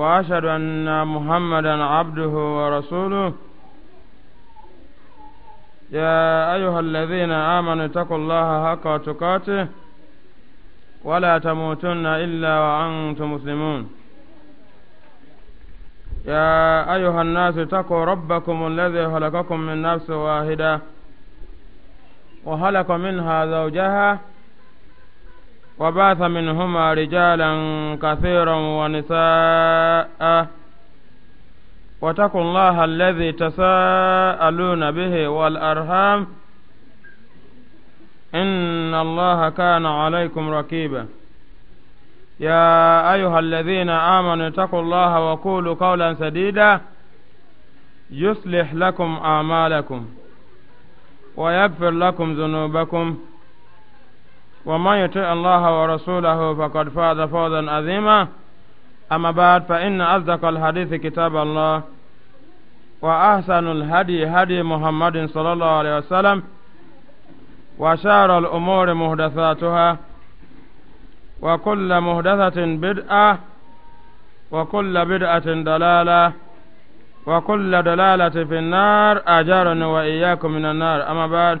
وأشهد أن محمدا عبده ورسوله يا أيها الذين آمنوا اتقوا الله حق تقاته ولا تموتن إلا وانتم مسلمون يا أيها الناس اتقوا ربكم الذي خلقكم من نفس واحده وخلق منها زوجها وبعث منهما رجالا كثيرا ونساء واتقوا الله الذي تساءلون به والأرهام إن الله كان عليكم ركيبا يا أيها الذين آمنوا اتقوا الله وقولوا قولا سديدا يصلح لكم أعمالكم ويغفر لكم ذنوبكم ومن يطع الله ورسوله فقد فاز فوزا عظيما أما بعد فإن أصدق الحديث كتاب الله وأحسن الهدي هدي محمد صلى الله عليه وسلم وشار الأمور محدثاتها وكل محدثة بدعة وكل بدعة دلالة وكل دلالة في النار أجارني وإياكم من النار أما بعد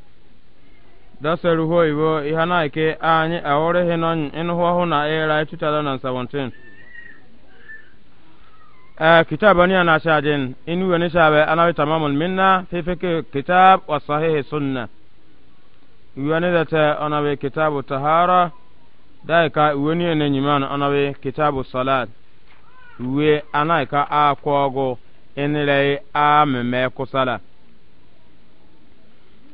dasaru ho ibo ihana ke anyi awore hinon in ho ho na era 2017 eh kitaba ni ana shajin in wani shabe ana wi tamamul minna fi fiki kitab wa sahih sunna wani da ta ana wi kitabu tahara dai ka wani ne nyiman ana wi kitabu salat we ana ka akwogo in rai ameme kusala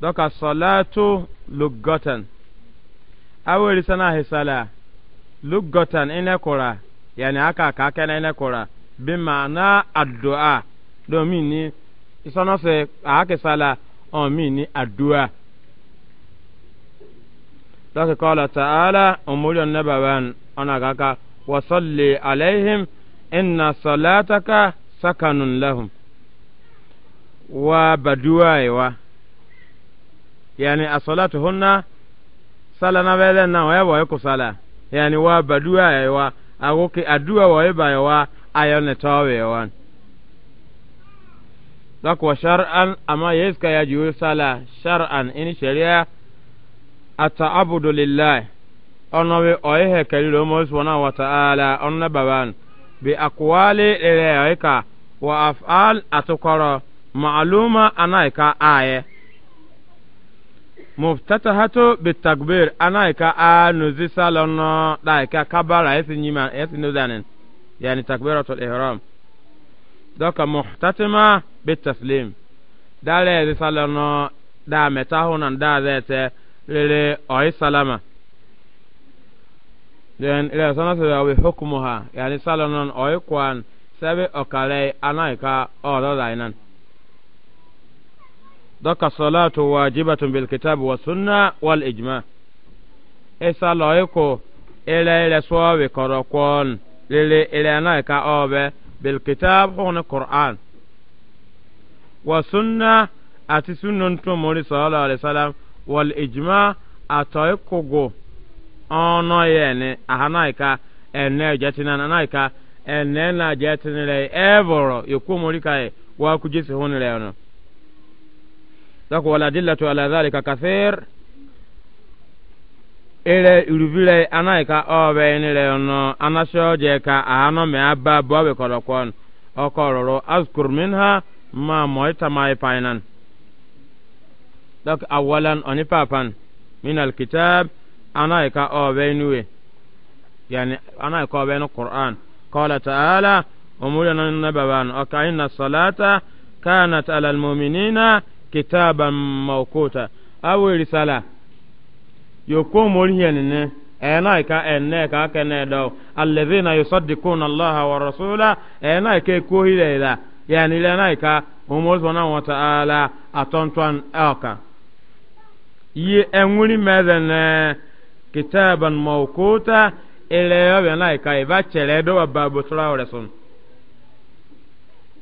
dɔka salatu lugatan awori sana hisala lugatan ina kura yani aka ka kana ina kura bi ma'ana addu'a domin ni isana se aka sala on mi ni addu'a dɔka qala ta'ala umuri annabawan ana kaka wa salli alaihim inna salataka sakanun lahum wa baduwa wa yani asolatu hunna sala na bele na wa wa ko sala yani wa badua ya wa agoke adua wa ba wa ayone tawe wa dak wa shar'an ama yeska ya ju sala shar'an in sharia ata'abudu lillahi ono we oye kalilo mo subhanahu wa ta'ala onna baban bi aqwali ilaika wa af'al atukara ma'luma anaika ayah muftatahatu bitakbir anaika a nuzi salonno daika kabara esi nyima esi nuzanin yani takbiratul ihram doka muhtatima bitaslim dale ezi salonno da meta hunan da zete lele oyi salama den ila sana se wa hukmuha yani salonnon oyi kwan sabe okale anaika odo dainan dɔka salatu wajibatun bil kitab wa sunna wal ijma isa loiko ile ile suwawi korokon lili ile na ka obe bil kitab hon qur'an wa sunna ati sunnun to mori sallallahu alaihi wasallam wal ijma atoiko go ono yene ahanaika ene jatina naika ene na jatinile evoro yokumori kai e, wa kujisi hunile ono sako wala dillatu ala dhalika kathir ire irubire anai ka obe nire ono anashoje ka ahano me abba bobe korokon okororo azkur minha ma moita mai painan dak awalan oni papan min alkitab anai ka obe nuwe yani anai ka obe no qur'an qala ta'ala umulana nababan aka inna salata kanat ala almu'minina kitaban mawkuta awo risala yoko morihen ne ena ka enne ka kene do allazina yusaddiquna allaha wa rasula ena ke ko hilela yani lena ka umur subhanahu wa ta'ala atonton aka yi enwuri mezene kitaban mawkuta ile yobe na ka iba chere do wa babu tura resun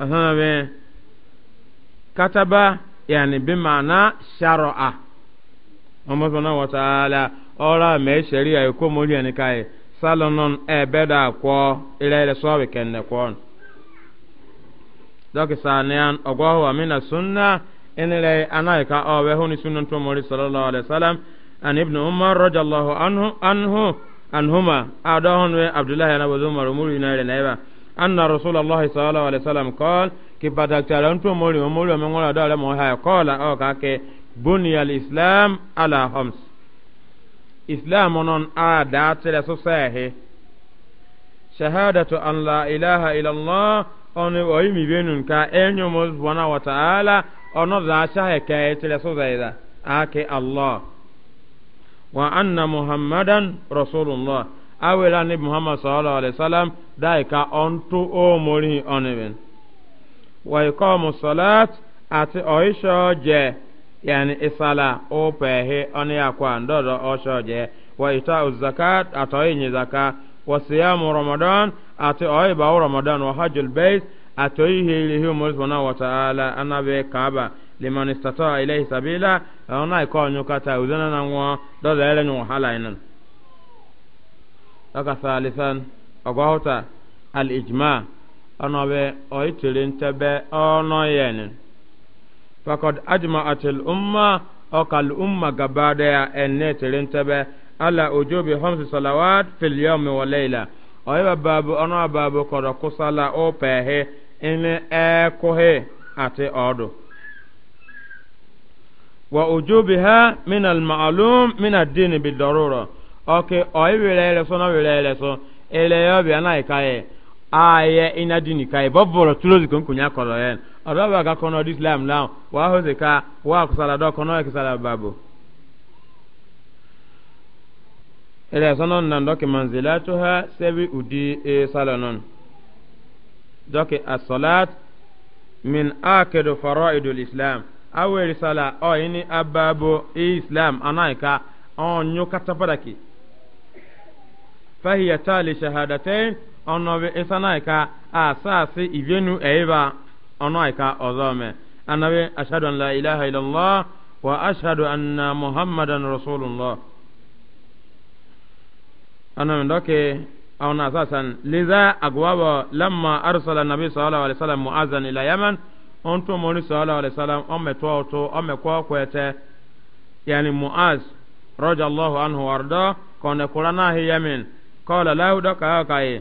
ahana be kataba yani bi ma'ana shara'a amma subhanahu wa ta'ala ora me sharia ko mori yani kai salonon e beda ko ila ila so we kenne ko doki sanayan ogo wa mina sunna inile anaika o we honi sunnan to mori sallallahu alaihi wasallam an umar radiyallahu anhu anhu anhuma adahun we abdullah ibn umar umuri na ile na iba anna rasulullahi sallallahu alaihi wasallam qala kipadaktara ntu mori mori me ngora dala mo haya kola o ka ke bunyal islam ala hams islam onon a da tere so sahe shahadatu an la ilaha illa allah on o mi benun ka enyo mo subhanahu wa ta'ala ono za shahe ke tere so zaida ake allah wa anna muhammadan rasulullah awela ni muhammad sallallahu alaihi wasallam dai ka on o mori oneben wa ikomu salat ati oisho je yani isala upehi oni akwa ndodo osho je wa itau zakat atoinyi zaka wa siyamu ramadan ati oibau ramadan wa hajjul bait atoihi ilihi umuri subhanahu wa ta'ala anabe kaaba liman istataa ilayhi sabila ona ikonyu kata uzana na nwa dodo ele nyu hala inan daga salisan ogwahota al ijma' أنا أنوبي أيتلين تبي أنا أنوين فقد أجمعت الأمة أقل أمة قبادة أنيتلين تبي على وجوب خمس صلوات في اليوم والليلة أيوة بابو أنا بابو كرة كسالة أو به إن أكوه أتي أدو ووجوبها من المعلوم من الدين بالضرورة أوكي أيوة ليلة سنة ليلة سنة إلى يوم أنا إكايه aye ina dini kai bobboro tulozi kon kunya kolo yen ga kono now wa ka wa kusala do kono kisala babu ele sonon nan doki sebi udi e salonon doki as min akidu islam sala o ini islam anaika ọnọ bi isana ka asaasi ivenu eiba ọnọ ka ọzọ me anabi ashadu an la ilaha illallah wa ashadu anna muhammadan rasulullah ana mi doke awon asasan liza agwabo lamma arsala nabi sallallahu alaihi wasallam mu'azan ila yaman on to mo ni sallallahu alaihi wasallam on me to to on me ko kwete yani mu'az radiyallahu anhu warda kone kurana hi yamin qala lahu daka kai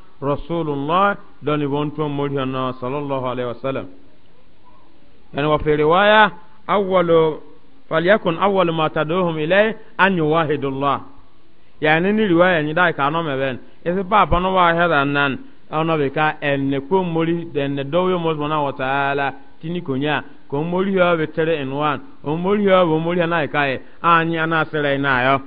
rasulullah doni wonto moriyo no sallallahu alaihi wasallam yani wa fi riwaya awwalu falyakun awwalu ma taduhum ilay an yuwahidullah yani ni riwaya ni dai ka no meben ese papa no wa hera nan ono be ka enne ko mori denne dowe mo zona wa taala tini konya ko mori yo be tere enwan o mori yo bo mori na ka e na ana sere na yo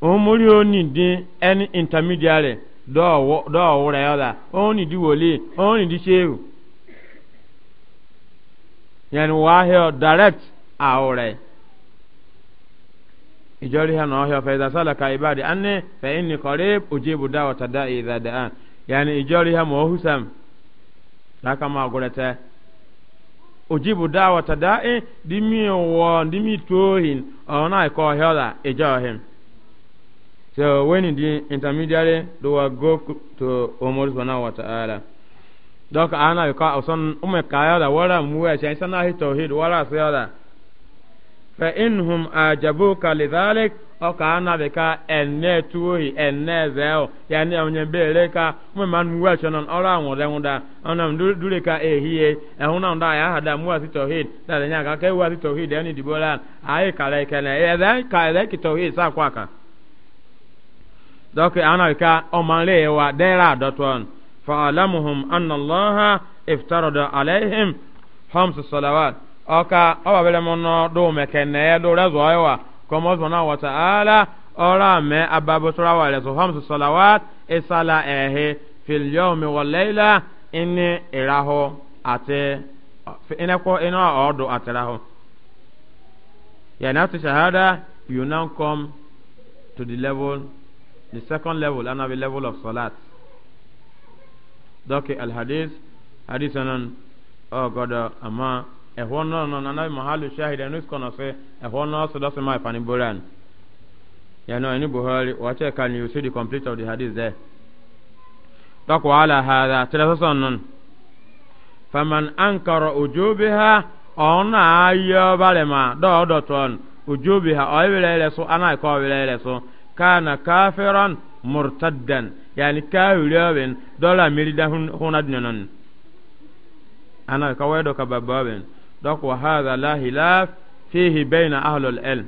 omori oni di any intermediary dɔɔ wɔrɛ yɔda oni di wòlíì oni di sehu yẹn wàá hẹ direct àwòrẹ ìjọri hẹ náà hẹ fẹsẹ sọlá ka ìbàdí ẹni fẹyìn ní kọrí ibùdó àwọtá dá ìdá dá ìjọri hẹ mọ ọhúsàm láka máa gọrẹ tẹ ojú dimi dimi So when in the intermediary, do i go to Umar subhanahu wa ta'ala. Donc ana ka son umme kaya da wala muwa shay sana hi tauhid wala sayala. Fa inhum ajabuka lidhalik o ka ana be ka enne tuhi enne zeo onye ka man muwa ora won re ona dure ka ehie ya hada muwa si tauhid da nya ka ke wa si tauhid yani dibola ai e da ka ki tauhid sa kwaka. دوك أنا بكا أمان لي وديرا دوتون فعلمهم أن الله افترض عليهم خمس صلوات أوكا أو بلمنا دو مكنة دو رزوة كما سبحانه وتعالى أرى ما أباب سراوة لسو خمس صلوات إسالة إيه في اليوم والليلة إني إراهو أتي إنكو إنا أردو أتراهو يعني أتي شهادة you now come to the level the second level and a level of salat doke al hadith hadith anan o oh godo uh, ama e hono non na mahalu shahid anu kono se e hono so do se mai pani boran ya no any buhari watch can you see the complete of the Hadis there dok wala hada tilason non faman ankara ujubiha ona ayo balema do do ton ujubiha o wile ile so ana ko wile ile kana kafiran murtaddan yani kawiriyobin dola mirida huna dinanon ana kawai doka babbabin dok wa hadha la hilaf fihi bayna ahlul ilm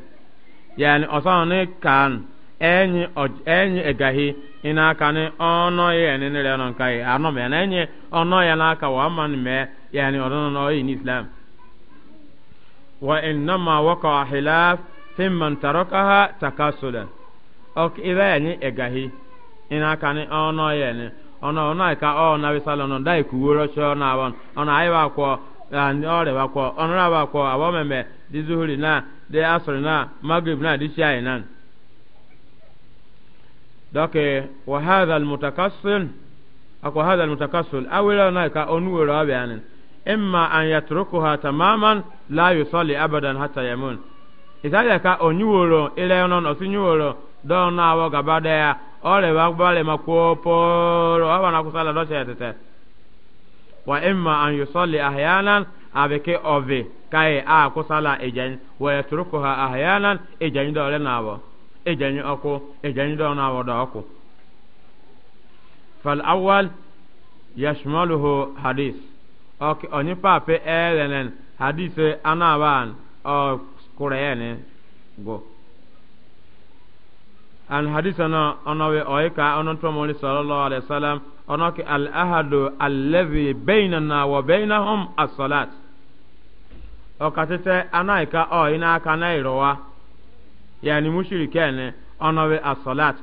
yani osani kan enyi enyi egahi ina kani ono ye ni nire non kai ano me enyi ono ya na aka wa man me yani ono no in islam wa innama waqa hilaf fimman tarakaha takasulan ok ibe enyi egahi ina kani ono yene ono ono ka o na wi salono dai ku woro cho na won ono ai ba ko and ore ba ko ono ra ba ko awo meme di zuhuri na de asri na magrib na di shai nan doke wa hadha al mutakassil hadha al mutakassil awila na ka onu woro imma an yatrukuha tamaman la yusalli abadan hatta yamun ile ono no dɔn na awɔ gaba dɛ ya ɔlɛ wa bale ma ko poro ɔba na kusala dɔ sɛ tɛtɛ wa imma an yusalli ahyanan a bɛ kɛ ɔve kaye a kusala ejɛn wa yatrukuha ahyanan ejɛn dɔ ɔlɛ na awɔ ejɛn ɔko ejɛn dɔ na awɔ dɔ ɔko fal awal yashmaluhu hadis ok oni pape ɛlɛnɛn hadise anabaan ɔ kurɛyɛ ne go an hadisa na onawe oika onontomori sallallahu alaihi wasallam onoki al ahadu allazi bainana wa bainahum as-salat okatete anaika o ina aka na irowa yani mushrikene onawe as-salat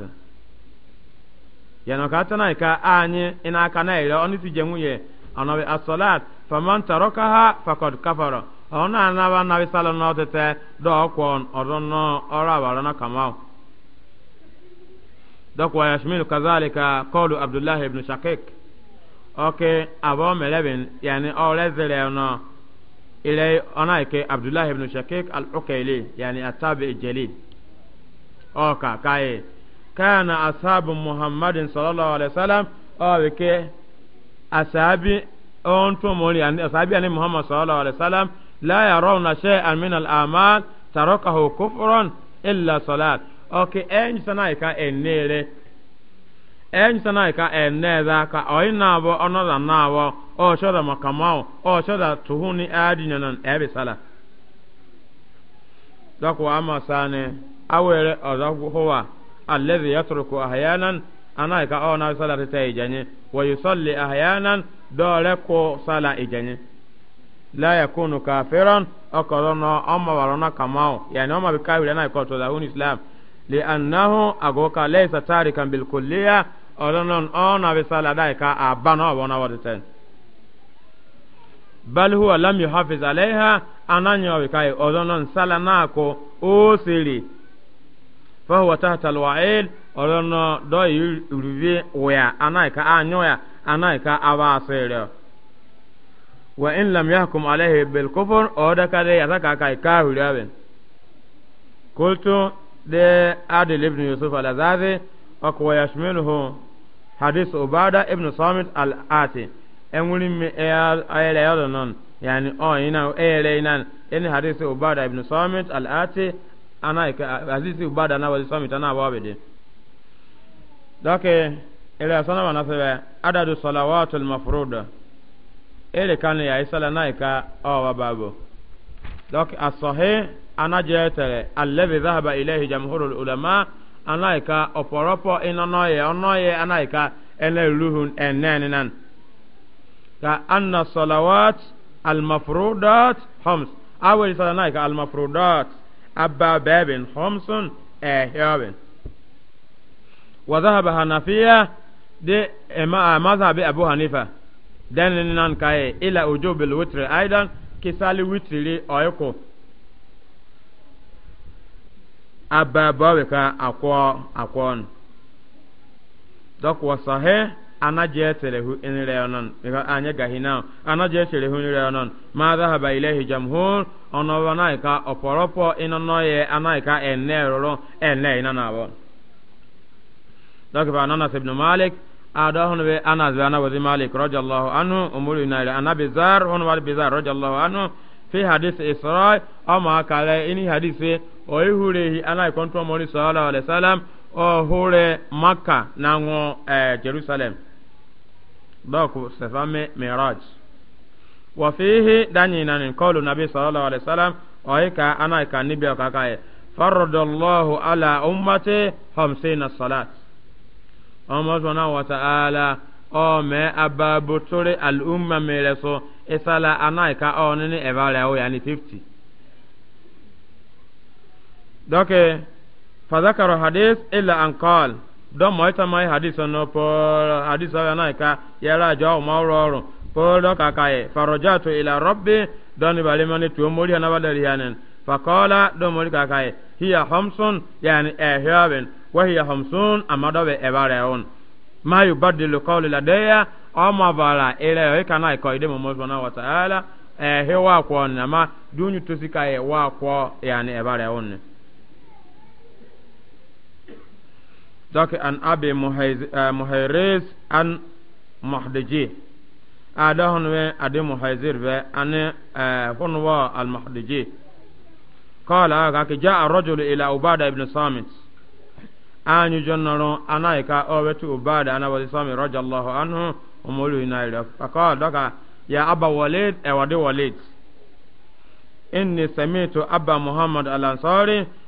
yani okata naika anyi ina aka na iro oniti jemuye onawe as-salat faman tarakaha faqad kafara ona anaba nabi sallallahu alaihi wasallam do kwon odonno ora na kamao dɔk wa yashmilu kazalika kɔlu abdullahi ibnu shakik oke abo melebin yani ɔre zere no ile ona ike abdullahi ibnu shakik al-ukaili yani atabi jalil oka kai kana ashabu muhammadin sallallahu alaihi wasallam awe ke asabi on to mori yani asabi ani muhammad sallallahu alaihi wasallam la yarawna shay'an min al-amal tarakahu kufran illa salat oke enyi sana ka enere enyi sana ka enere ka oyi na abo onoda na abo o shoda makamao o shoda tuhuni adinya nan ebe sala dako ama sane awere ozaku huwa alladhi yatruku ahyanan ana ka o na sala ta ijanye wa yusalli ahyanan dole ko sala ijanye la yakunu kafiran akọrọ na ọmọ wàrọ na kamao yani ọmọ bi kawiri ana ikọ to da hun islam Li li'annahu agoka laysa tarikan bil kulliya olonon ona bisala dai ka abana wona waditen bal huwa lam yuhafiz alaiha ananyo bikai olonon salana ko o siri fa huwa tahta al wa'il olono do yurvi waya anaika anyoya anaika awasere wa in lam yahkum alaihi bil kufr odaka dai ataka kai kahuriyaben kultu de adil ibn yusuf al-azazi ọkọ wa yashmiluhu hadis ubada ibn samit al-ati enwuri mi ayẹlẹ yọdọ nọn yani ọ ina ayẹlẹ e, ina ẹni hadis ubada ibn samit al-ati ana ika e, hadis ubada na wali samit ana abawa bede dọkẹ ilẹ sọnà wà nasẹbẹ adadu salawatul mafruda ele kan ya isala na ika e, ọ wa babu dọkẹ asọhe ana jetere alladhi dhahaba ilayhi jamhurul ulama anaika oporopo inanoye onoye anaika ene ruhun enenenan ka anna salawat al mafrudat khams awel salanaika al mafrudat abba babin khamsun ehyabin wa dhahaba hanafiya de ema mazhabi abu hanifa denenan kai ila ujubil witri aidan kisali witri oyko aba bawe ka akwa akwon dok wasahe anaje telehu inreonon mika anya gahina anaje telehu inreonon ma dhahaba ilahi jamhur onowana ka oporopo inonoye anaika eneroro enne inanawo dok ba nana ibn malik ada hono be anas ana malik radiyallahu anhu ana hono bizar radiyallahu anhu fi ama kala ini oihurehi anaghị kọntrọ mọri sọla alesalam ọhụrụ maka na ṅụ eh, jerusalem dọkụ sefame miraj wafihi danyi na ninkolu nabi sallallahu alaihi wasallam oyi ka anaghị ka nibi ọkaka ya faradallahu ala ummati hamsina salat ọmọ sọna wata ala ome ababuturi al'umma mere so isala anaghị ka ọ nini ebara ya ni 50 doke fadhakaro hadis illa an qal do mo ita mai hadis no por hadis ya na ka yara jo mo roro por do ka kai e, farajatu ila rabbi don bale mani tu mo na badari hanen faqala do mo ka kai e, hiya hamsun yani ehyaben wa hiya hamsun amado be ebare on ma la qawli ladaya ama bala ila ka na ko ide mo mo wa ta'ala ehwa ko na ma dunyu tusika e wa ko yani ebare on dɔki an abi muhairis an muhdiji ah, euh, a da hɔn bɛ adi muhaizir bɛ ani hɔn wɔ al muhdiji kɔɔla a ka ki ja a rɔjul ila ubada ibn samit a nyu jɔn nɔrɔ ana yi ka ɔ bɛ ti ubada ana wali sami rɔja allahu anhu umolu yi na yi a kɔɔ dɔka ya aba walid ɛwadi walid inni samitu abba muhammad al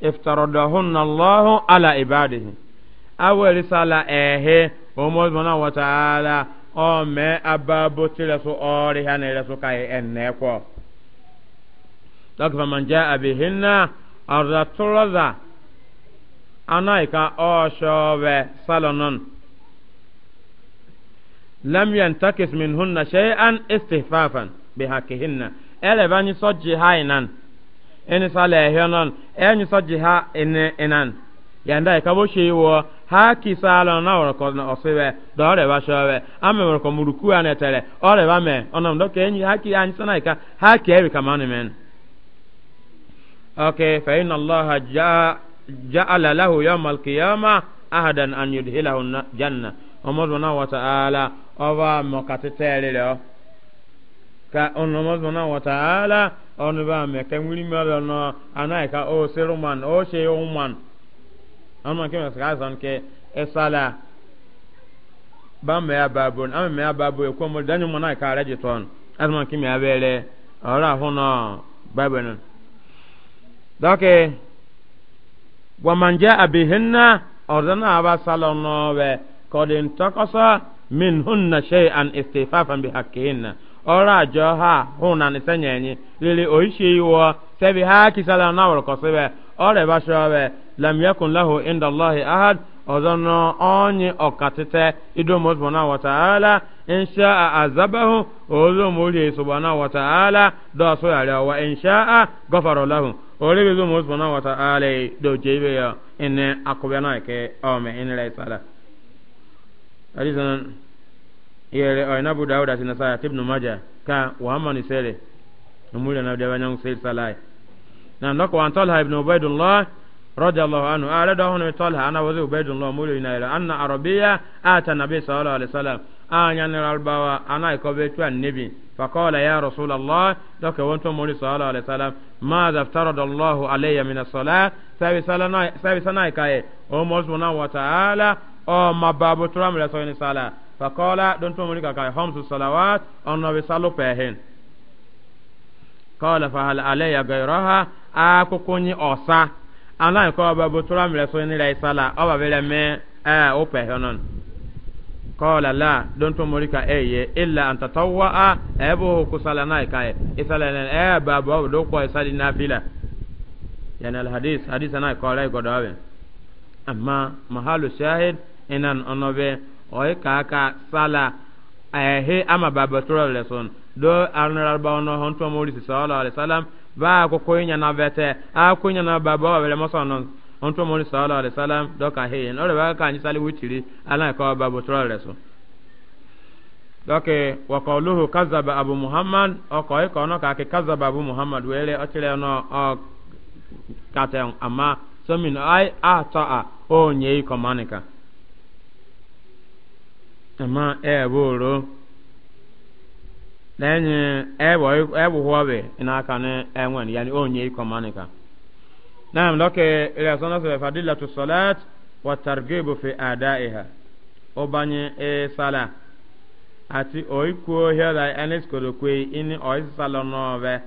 iftaradahunna allahu ala ibadihi awari sala ehe omo zona wa ta'ala o me na tire su ori ha ne su kai enne ko dak fa man jaa bihinna arzatulaza Salonon, o shobe salonon lam yantakis minhunna shay'an istihfafan bihakihinna ele bani sojji hainan eni sa le hionon eni so ha ene enan yanda e, ka bo shi wo ha ki sa lo na wor ko no sewe do re ba sho we ame wor ko muruku an etere o re ba me onam do ke enyi ha ki an sana e ka ha ki eri ka manu men okay na inna allaha ja ja'ala lahu yawm al-qiyamah ahadan an na janna na-awọta omozona wa ta'ala oba mokatitere ka onomozona wa ta'ala onu ba me ke ngiri ma da no e ka o oh, seruman o oh, she o oh, man amma ke mas nke zan ke esala ba me ya babun amma me ya babu e ko mo danyu mo na e ka reje ton azman ki me ya bere ora hono babun dake wa man jaa bihinna ordana aba salono be kodin takosa minhunna shay'an istifafan bihaqihinna ọrụ ajọ ha hụ na nise nyenyi lili oishi iwo sebi ha kisala na wọrọ kọsibe ọrụ ebe asọ be lam yakun lahu inda allahi ahad ọzọ nọ onye ọkatịte ido mọsbọ na wataala insha a azabahu ozo mori sọgbọ na wataala dọsọ yàrá wa insha a gọfarọ lahu orí bí zọmọ sọgbọ na wataala dọjẹ ibe ya ina akọbẹ na kẹ ọmọ ina rẹ sara. yere o ina buda uda sina saya tibnu maja ka wa amma ni sele numule na dawa nyang sel salai na ndoko wan talha ibn ubaidullah radiyallahu anhu ala ah, da hono talha ana wazi ubaidullah mulu ina ila anna arabiya ata nabi sallallahu alaihi wasallam anya ah, ni albawa ana iko betu annabi فقال يا رسول الله دوك وانت مولي صلى الله عليه وسلم ماذا افترض الله علي من الصلاة سابي سنة سابي سنة كاي ومولي سبحانه وتعالى او ما بابو ترام لسوين صلاة فقال دون تومري كاكا خمس صلوات أن بيصلوا فيهن قال فهل علي غيرها أكو كوني أوسا أنا يكو بابو ترى ملسوني لا يصلى أو بابي لمي أو فيهنن قال لا دون تومري كأي إلا أن تطوع أبوه كسالنا كاي إسالنا أي بابو دوكو إسالنا فيلا يعني الحديث حديث أنا يقول لك أما محل الشاهد إن أنه oyi kaka sala ehe ama babatoro leson do arnarba ono honto mori sallallahu alaihi wasallam ba ko koynya na vete a koynya na baba wele mosono honto mori sallallahu alaihi wasallam do ka he no ba ka ni sali ala ka babatoro leson doke wakọluhu abu muhammad ka kazaba abu muhammad were ọchịrị ọnọ ọ ai a ama eboro na ebo ebo huwabe ina na enwen e yani onye iko manika naam loke ila sana sa fadilatu salat wa targibu fi adaiha obanye e sala ati oikuo hela enes kolokwe ini oisi sala nove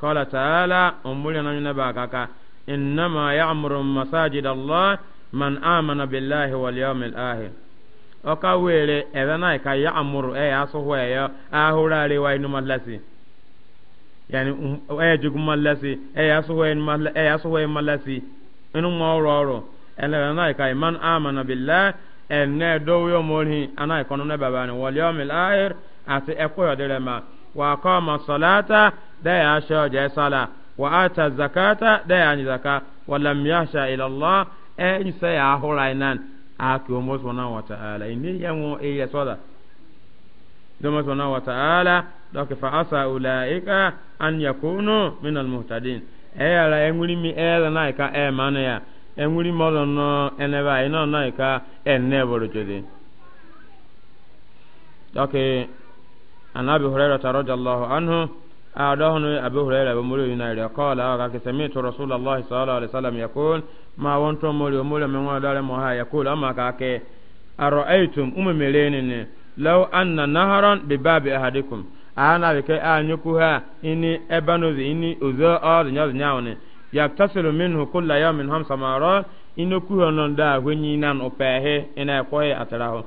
qala taala umuli na nyina bakaka innama ya'muru masajid allah man amana billahi wal yawmil akhir ọka were ebe na ka ya amụrụ e ya asụhụ e ya ahụrụ arịwa inu malasi yani um, e jugu malasi e ya asụhụ inu e malasi e ya asụhụ inu e malasi inu ma ọrụ ọrụ ebe na ka iman amana billah enne dowe omori ana ikono ne baba ni wali omil ahir ati ekwe yodere ma wa kama salata da ya sho je sala wa ata zakata da ya ni zaka wa lam yasha ila allah e ni se ya ahura aki o mɔsɔn na wata ala ne ya ŋo e eh, ya sɔda do mɔsɔn na wata ala dɔke fa asa ula e ka an eh, ya kono min al muhtadin e ya la e ŋuri mi e la na ka e ma ne ya e ŋuri mɔ lɔ nɔ na ka e ne bolo jode dɔke anabi hurairata radiallahu anhu ada abhrira bụmi i nairi kola a ak sa m t osụl la hị sallselam yacoo matoomoo mewa dr mha ackuo maka aki arotm mmere lo aa aha dbab hadikum ana ke anyekwuh n bnni ozo yzi ya yatasou kula ya mn ha sam nokwuhinnd ahụenyi nan ụpehe na ekwohị atarahụ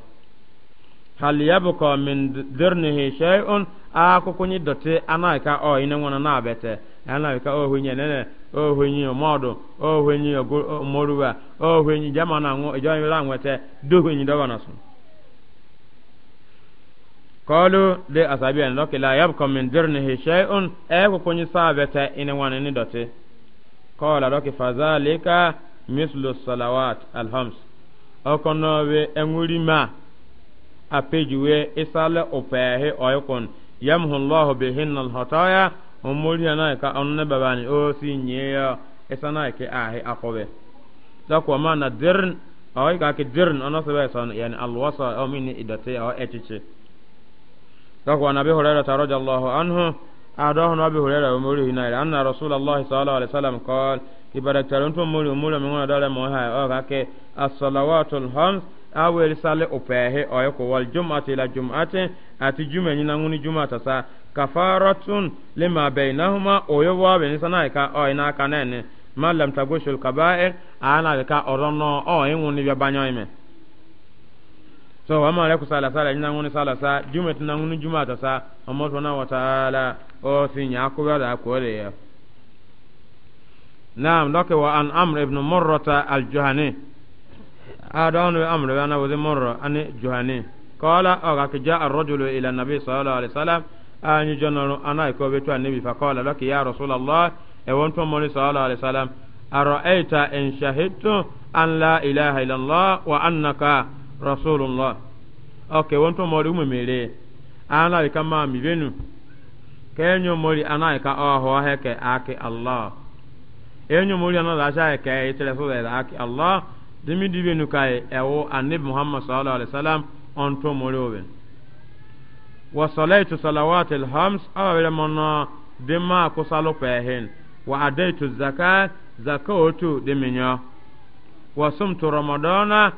hal yabqa min dirnihi shay'un a ko kunyi dote ana ka o ine wona na bete ana ka o hunye nene o hunye modo o hunye moruwa o hunye jamana ngo jo yira ngwete do hunye do bana sun qalu de asabi an la yabqa min dirnihi shay'un a e ko kunyi sa bete ine wona ni dote qala lok fazalika mislu salawat alhams o we enwuri ma apejuwe isale upehe oyokon yamhu allah bihinna alhataya umuri na ka onne babani o si nyeya isana ke ahe akobe dakwa mana dirn awai ka ke dirn ona sabe san yani alwasa o min idate o etiche dakwa nabi hurairah radhiyallahu anhu adahu nabi hurairah umuri na anna rasulullah sallallahu alaihi wasallam qala ibaraktarun tumuri umuri min dala mo ha o ka ke as-salawatul khams awel sale upehe oye wal jum'ati la jum'ati ati jume nyina nguni jum'ata sa kafaratun lima bainahuma oyo wa be ni sana ka oye na malam nene ma lam tagushul kaba'ir ana ka orono oye nguni ya ime so wa ma leku sala sala nyina nguni sala sa jume tina nguni jum'ata sa amma tuna wa o si nya ko da ko le ya wa لك وعن عمرو بن مرة الجهني adonu amru yana wuzi murro ani juhani kola oga ki ja arrojulu ila nabi sallallahu alaihi wasallam anyi jonaru ana iko betu annabi fa kola laki ya rasulallah e won to moni sallallahu alaihi wasallam ara'aita in shahidtu an la ilaha illallah wa annaka rasulullah okay won to mori umu mere ana ika ma mi benu kenyo mori ana ika oho heke aki allah enyo mori ana la sha ke itele so da aki allah dimi dibe nu kai ewo annabi muhammad sallallahu alaihi wasallam on to morobe wa salaitu salawatil hams awere mona dima ko salo pehen wa adaitu zakat zakatu diminyo wa sumtu ramadana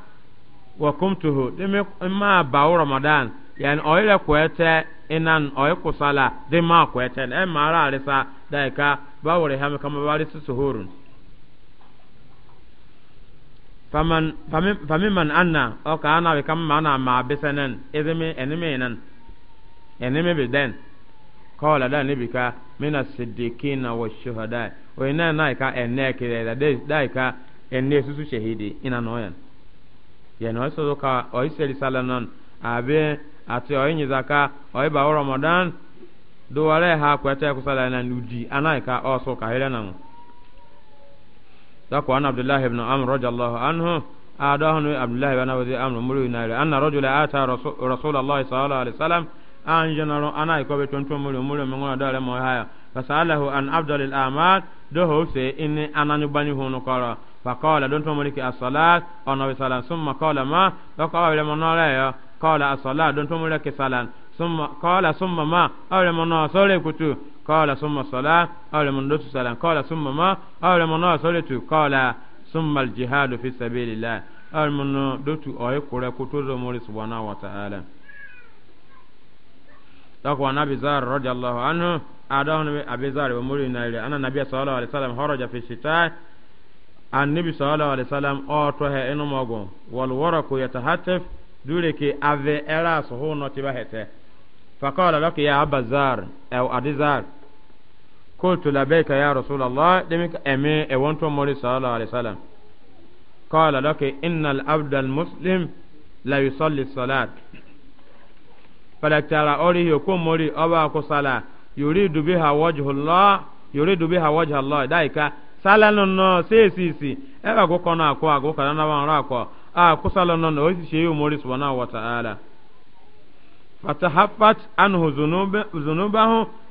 wa kumtuhu dimi ma ba ramadan yani oyele kwete inan oy kusala dima kwete e mara arisa daika bawore ham kama bari suhurun faman famin man anna o ka ana be kam mana ma besenen ezeme eneme nan eneme be den kawala da ne bika mina siddiqina wa shuhada o ina na ka enne kire da de da ka enne susu shahidi ina no yan ya no so ka o iseli salanon abe ati o yin zaka o ba ramadan do ha kwete kusala na nudi anaika ka o so ka hele na dako an abdullahi ibn amr radiyallahu anhu adahnu abdullahi ibn abi amr muru na ila anna rajula ata rasulullah sallallahu alaihi wasallam an janaro ana ko be tonto muru muru mo ngona dare mo haya fasalahu an afdalil a'mal do hose inni anani bani hono kara فقال دون تملك الصلاة النبي صلى الله عليه وسلم قال ما وقال لما نرى قال الصلاة دون تملك الصلاة ثم قال ثم ما أول ما نرى صلي كتو قال ثم الصلاة قال من دوت الصلاة قال ثم ما قال من صلت قال ثم الجهاد في سبيل الله قال من دوت أي كورا كتوز مولى سبحانه وتعالى تقوى نبي زار رضي الله عنه أداه أبي زار ومولي نايل أنا نبي صلى الله عليه وسلم خرج في الشتاء النبي صلى الله عليه وسلم أوتوه إنه مغو والورق يتهتف دولك أذي إراس هو نتبهته فقال لك يا أبا زار أو أدي زار قلت لبيك يا رسول الله دمك أمي أونت مولي صلى الله عليه وسلم قال لك إن العبد المسلم لا يصلي الصلاة ترى أولي يكون مولي أباك صلاة يريد بها وجه الله يريد بها وجه الله دايكا sala nono سي eba ko kono ako ako kana na wan rako a ko sala nono o si yu mori subhanahu wa ta'ala fatahaffat anhu dhunubahu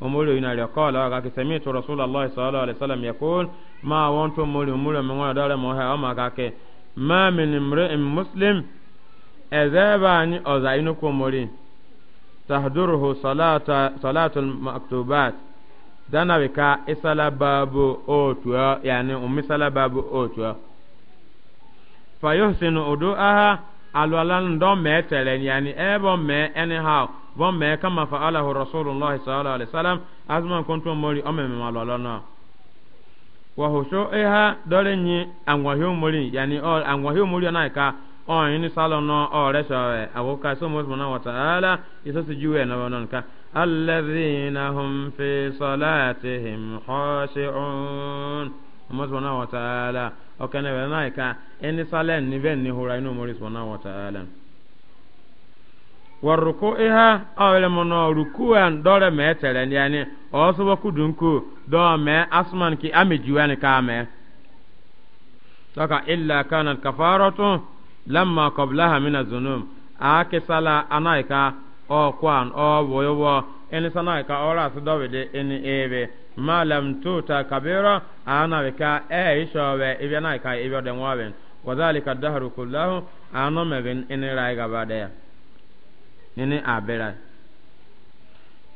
umuri ina le kola ka kisemi to rasulullah sallallahu alaihi wasallam yakul ma wonto muri umuri mo ngona dole mo ha o ma ka ke ma min imri'in muslim azaba ni ozainu ko muri tahduruhu salata salatul maktubat dana be ka isala babu otua yani umisala babu otua fayuhsinu udu'aha alwalan do metere yani ebo me anyhow wọn mɛ kama fa alahu rasulillah sallallahu alaihi salam azuma kɔntɔn mori ɔmɛ mɛ ma lɔlɔ wahoso eha dɔle nyi aŋwahiu mori yanni ɔ aŋwahiu mori yɛ n'ayi ka yini salɔn nɔ ka so mɔri sɔmɔna wata ala isosi ju yɛ nɔbɔ nɔn ka alɛzina hum fi wata ala ɔkɛnɛ ka wata ala. Wa ruku warruku'iha awlemono ruku'an dole me telen yani oso boku dunku do me asman ki amejiwani kame saka illa kanat kafaratu lamma qablaha min az-zunum ake sala anaika o kwan o boyobo eni sanaika ora so dowede eni ebe malam tuta kabira ana beka e ishobe ibe naika ibe de mwaben wadhalika dahru kullahu anomeben eni raiga badaya nini abera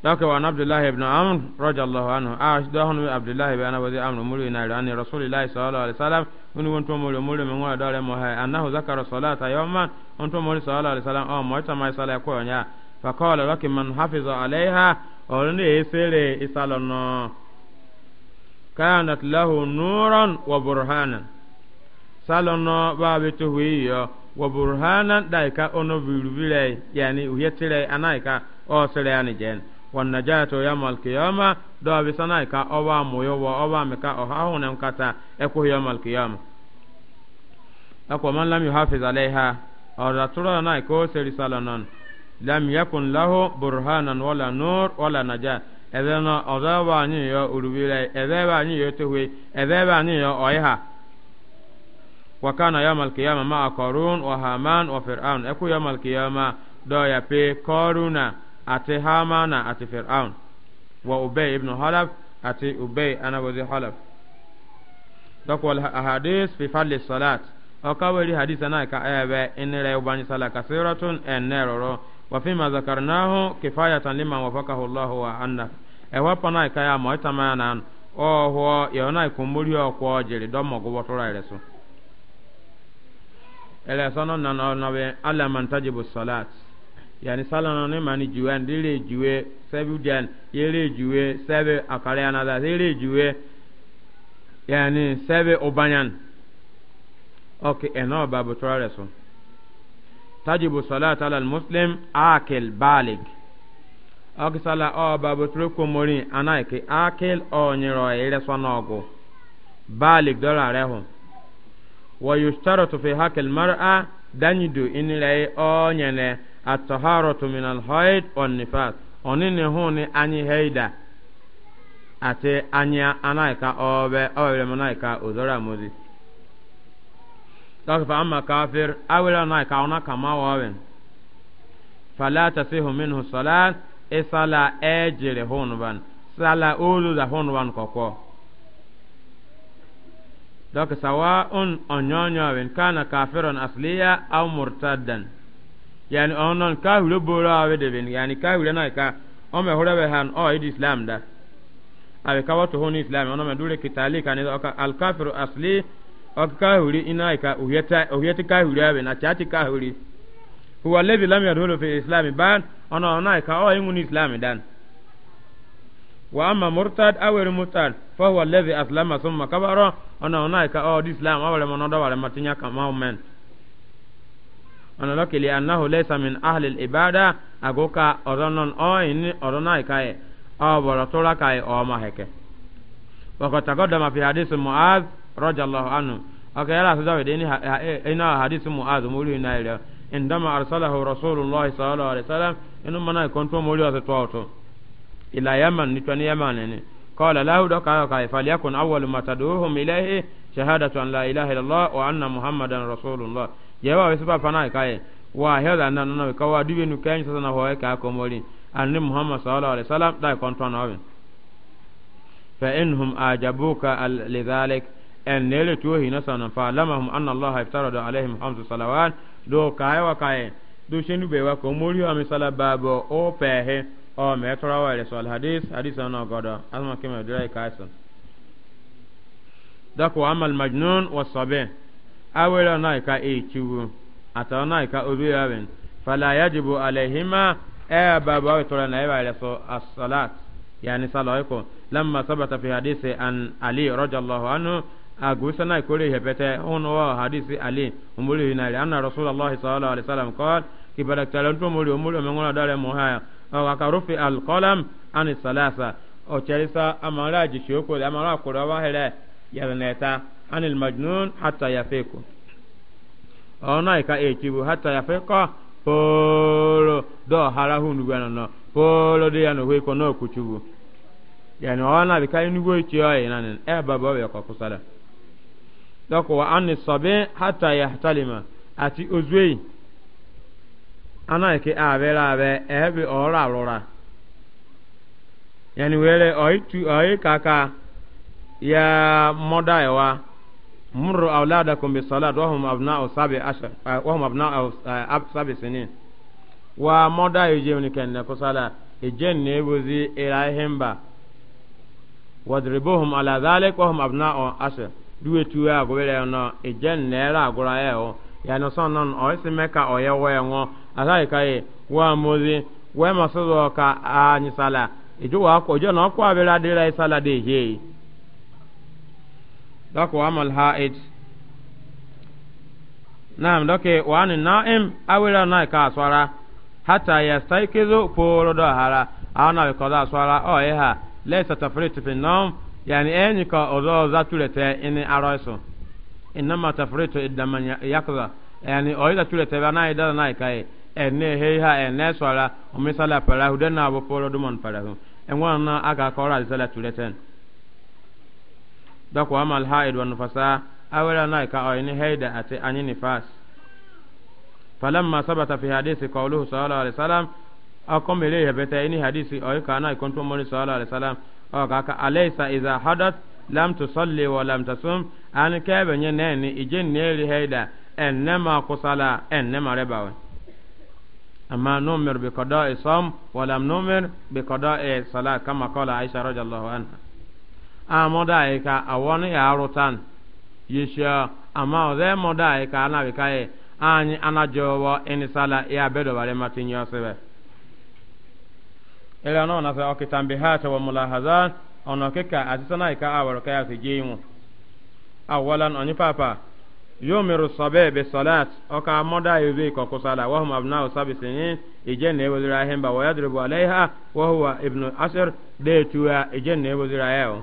dɔkɛ wa abdullahi ibn amr radiyallahu anhu a dɔhun abdullahi ibn abdi amr muri na rani rasulillahi sallallahu alaihi wasallam mun won to muri muri mun wa dare mo hay annahu zakara salata yawman on to muri sallallahu alaihi wasallam o mo ta mai sala ko nya fa qala lakin man hafiza alaiha o ne esere isalono kanat lahu nuran wa burhanan salono ba bitu huiyo wa burhanan daika ono virvilai yani uyetilai anaika o silani jen wan najatu yawmal qiyama do bi sanaika owa moyo wa owa meka o haunan kata eku yawmal qiyama akwa man lam yuhafiz alaiha aratura naika o siri lam yakun lahu burhanan wala nur wala najat ezena ozawa ni yo urubilai ezeba ni yo tehwe ezeba ni yo oiha wakana yawm alkiyama maa korun wa haman wa fir'aun eku yawm alkiyama do ya pe koruna ati hamana ati fir'aun wa ubay ibn halaf ati ubay anabozi halaf dok wal ahadis fi fadli salat okaweli hadis ana ka ebe inire ubani sala kasiratun enneroro wa fi ma zakarnahu kifayatan liman wafaqahu allah wa anna ewa pana ka ya moitama nan ohwo yona ikumburi okwo jiri domo gwotora iresu ele sono na no no be ala man tajibu salat yani sala no ne mani juwe ndile juwe sebu den yele juwe sebe akale ana da yele juwe yani sebe obanyan okay eno babu torare so tajibu salat ala al muslim akil balig okay sala o oh, babu tore ko mori anaike akil o oh, nyiro ire e sono ogu balig dora rehu ويشترط في حق المرأة دنيدو إن لأي أونيني الطهارة من الحيض والنفاس أنيني هوني أني هيدا أتي أني أنايكا أوبي أوبي منايكا أزورا موزي لكن فأما كافر أولا نايكا أناكا ما وابن فلا تسيه منه صلاة إصلا أجري هونبان صلاة أولو ذا هونبان كوكو donc sawa'un onyonyowen kana kafiron asliya aw murtaddan yani onon kahuro boro awe deben yani kahuro na ka o me horewe han o idi islam da awe ka wato honi islam ono me dure kitali kan al kafiru asli o kahuri ina ka uyeta uyeta kahuri awe na chati kahuri huwa alladhi lam yadkhulu fi islam ban ono na ka o ingun islam dan wa amma murtad aw murtad fa huwa alladhi aslama thumma kabara ona ona oh, ka o di islam wale mo nodo wale matinya kama men ona lo kili annahu laysa min ahli al ibada agoka oronon o oh, ini orona ka e o oh, boro tora ka e o ma heke wa ko tagoda ma fi hadith muaz radiyallahu anhu aka yala sada we deni e, ina hadith muaz mo na ile indama arsalahu rasulullah sallallahu alaihi wasallam inu mana kontu mo ri wa to ila yaman ni to yaman ne قال له دك كيف فليكن أول ما تدعوهم إليه شهادة أن لا إله إلا الله وأن محمدا رسول الله جوا وسبا فنا كاي وهذا أن نحن كوا دبي نكاين سنا هو كاكمولين أن محمد صلى الله عليه وسلم لا يكون أبين فإنهم أعجبوك لذلك أن نلتوه نسنا فعلمهم أن الله افترض عليهم خمس صلوات دو كاي وكاي دو شنو بيوا كمولي أمي صلى بابو أو بهه o oh, me tora wa ile sal hadis hadis ana goda uh, asma kema dira ka asan dako amal majnun wa sabe awela na ka e chiwu ata na ka obi yawen fala yajibu alaihima e baba wa tora na ile so as-salat yani salaiko lamma sabata fi hadisi an ali radiyallahu anhu agusa na ikore hepete ono wa hadisi ali umuli hinali anna rasulullah sallallahu alaihi wasallam qala kibadaktalo ntumuli umuli omengona dale muhaya wakarufi alkolam ani salasa o cerisa amara ji shoko da amara kuri wa hele yarneta ani almajnun hatta yafiku ona ika ekibu hatta yafiko polo do harahu nugwana no polo de yanu hweko no kuchubu yani ona bika inugo ichiyo inani e baba we kwa kusala doko wa ani sabi hatta yahtalima ati ozwei anaghịkị abịara abịa ebe ọrụ arụra yani were oitu oi kaka ya moda ewa muru alada bi salat wa hum abna'u sabi ashar wa hum abna'u eh, sabi sinin wa moda eje ni ken na kusala ịra ihe mba. irahimba wadribuhum ala dhalik wa hum abna'u ashar duwe tuwa go ya no eje na-ere agura e o ya yani sonon oh, eh, o isi meka o ye we ngo asai kai wa mozi we masudo ka anyi sala ijo wa ko jo no ko abira dira sala de ye dako amal haid naam doke wa ni naim awira na ka swara hata yastaikizu poro do hara ana ko da swara o ye ha laysa tafrit fi nawm yani enyi ka ozo zatulete ini aroiso inama tafritu idaman yakza yani oida tule tebe na idala na ikai, ene heha ene swala umisala pala hudena abo polo dumon pala hu na aka kora sala tule ten dako amal haid wa nufasa awela na ikai, oyni heida ati anyi nifas falamma sabata fi hadisi qawluhu sallallahu alaihi wasallam akomele yebeta ini hadisi oyka na ikontu moni sallallahu alaihi wasallam aka alaysa idha hadath lam tusalli wa lam tasum an kebe nye neni ijin neri heida ennema kusala ennema rebawe amma numir bi qada'i sam wa lam numir bi qada'i salat kama qala aisha radhiyallahu anha amoda eka awoni ya arutan yisha amma ode moda eka na bikaye anyị anajowo ini sala ya bedo bare matinyo sebe ila no na sa okitambihat wa mulahazat ono keka atisana ika awar kaya fi jimu awalan oni papa yomiru sabe be salat oka moda yuzi ko kusala wa hum abna'u sabi sinin ijenne wazira hemba wa yadribu alaiha wa huwa ibnu asir de tuwa ijenne wazira yao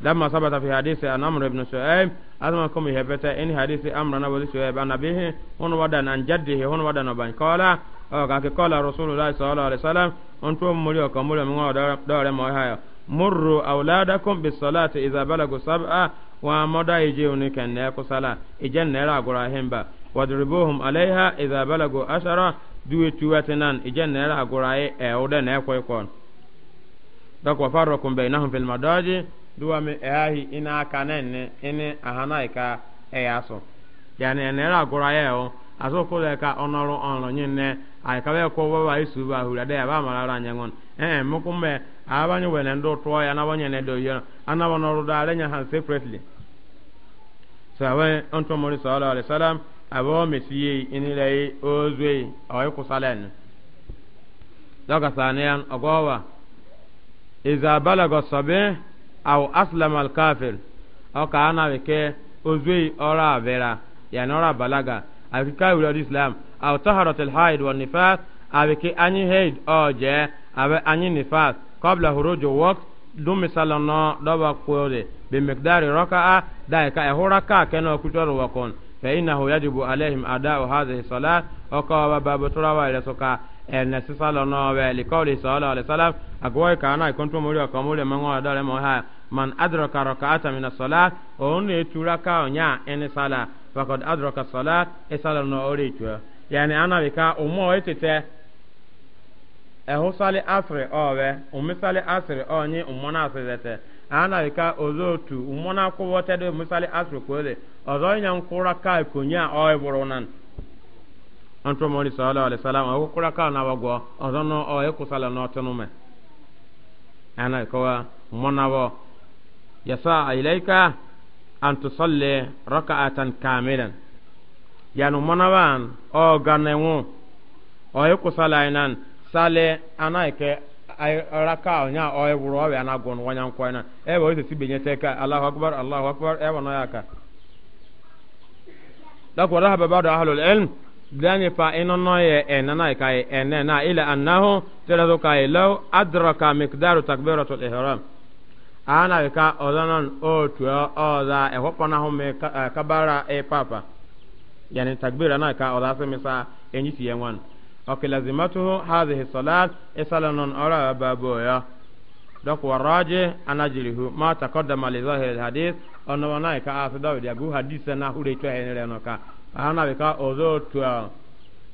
لما ثبت في حديث عن عمرو بن شعيب أثم كم يهبت إن حديث عمرو بن شعيب عن أبيه هون ودن عن جده هون ودن بن قال kake kola rasulullahi sallallahu alaihi wasallam on to muri o kamuri mi ngoda dore mo haya murru auladakum bis salati idza balagu sab'a wa moda ije uni ken ne ko sala ijen ne ra gura himba wadribuhum alaiha idza balagu ashara duwe tuwatinan ijen ne ra gura e e oda ne ko ko dak wa farrakum bainahum fil madaji duwa mi ehahi ina kanen ne ine ahana ika e yaso yani ne ra gura e o asokole ka onoro onro nyinne ay ka be ko baba isu ba hura de ba mara ranya ngon eh mukumbe abanyu wele ndo to ya na wanye ne do yo ana wonoru da ranya han secretly sawe onto mori abo iza balaga sabe aw aslama al kafir o ka ana ora avera ya nora balaga abika wura islam aw taharat al haid wa nifas abike anyi haid oje abe anyi nifas qabla huruju waqt dum misalan no doba kore bi miqdari raka'a da ka e horaka keno kutoro wakon fa innahu yajibu alaihim ada'u hadhihi salat o ka wa babu turawa ile soka en sisalo no we li qawli sallallahu alaihi wasallam agwa ka na ikontu muri ka muri mango ha man adraka raka'ata min as-salat o ne turaka onya en salat fakad adraka salat isala no ore twa yani ana bika umo etete ehu sali asri owe umisali asri onye umona asirete ana bika ozotu umona kuwote do misali asri kwele ozo nya nkura ka konya owe burunan antu moni sallallahu alaihi wasallam awu kura ka na wago ozo no owe kusala no tenume ana ko mona wo yasa ilaika an tusalli raka'atan kamilan yanu manaban o ganenwu o yi kusala sale ana ike raka onya o yi wuru owe ana gon wanya nkwa inan ebe oise si benye teka allahu akbar allahu akbar ewa na yaka dakwa rahaba ba'da ahlul ilm dani fa ina noye enana kai enena ila annahu tirazu kai law adraka miqdaru takbiratul ihram ana wika odonon otu oza ehopona hume eh, kabara e papa yani takbir ana ka oda se misa enyi fiye wan okay lazimatu hadhihi salat isalanon e ora babo ya dok waraje anajrihu ma taqaddama li zahir alhadith ono wana ka asda wi agu hadith na hure to henere no ka ana wika ozo tu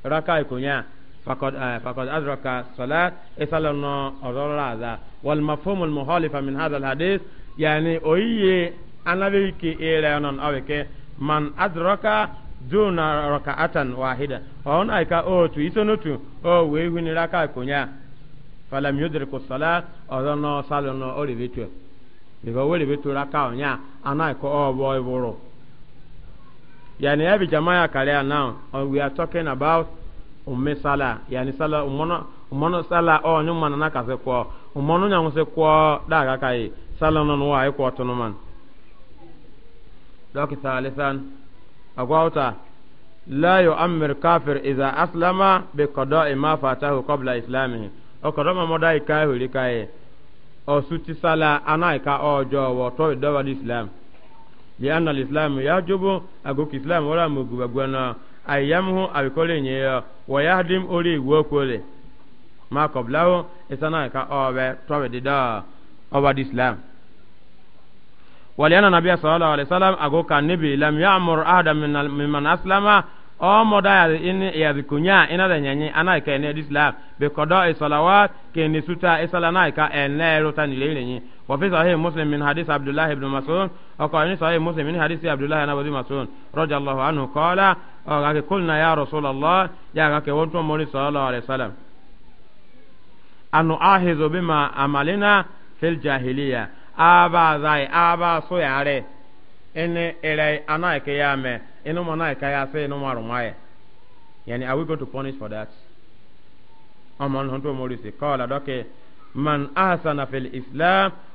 raka ikunya فقد آه فقد أدرك صلاة إسألنا أرور هذا والمفهوم المخالف من هذا الحديث يعني أي أنا بيك إيرانون أوكي من أدرك دون ركعة واحدة فهنا أيكا أو تو إسنوتو أو ويهني ركعة كونيا فلم يدرك الصلاة أرنا صلنا أولي بيتو إذا أولي بيتو ركعة ونيا أنا أيكا أو بوي برو يعني أبي جماعة كلام now we are talking about umme sala yani sala umono umono sala o oh, nyuma na kase kwa ko umono nyangu se ko da kai sala non wa ko to no man doki salisan agwauta la yu'ammir kafir idha aslama bi qada'i ma fatahu qabla islamihi o ko ma modai kai huri kai o suti sala anai ka ojo wo to do wal islam li anna al islam yajibu agoki islam wala mugubagwana ayyamuhu abikole nyeyo wa yahdim ori igwo kole ma koblawo isana ka obe tobe dida oba islam waliana nabiya sallallahu alaihi wasallam ago kan nabi lam ya'mur adam min mimman aslama o moda ya in ya kunya ina da nyanyi ana ka ne islam be kodo isalawat e ke ni suta isala e na ka en ne rutan ile ile وفي صحيح مسلم من حديث عبد الله بن مسعود وقال في صحيح مسلم من حديث عبد الله بن مسعود رضي الله عنه قال قلنا يا رسول الله يا كنت مولى صلى الله عليه وسلم أن أعهز بما عملنا في الجاهلية أبا زي أبا سوياري إن إلي أنا كيامي إنما أنا كياسي إنما رمائي يعني are we going to punish for that أمان هنتو مولى قال دوكي من أحسن في الإسلام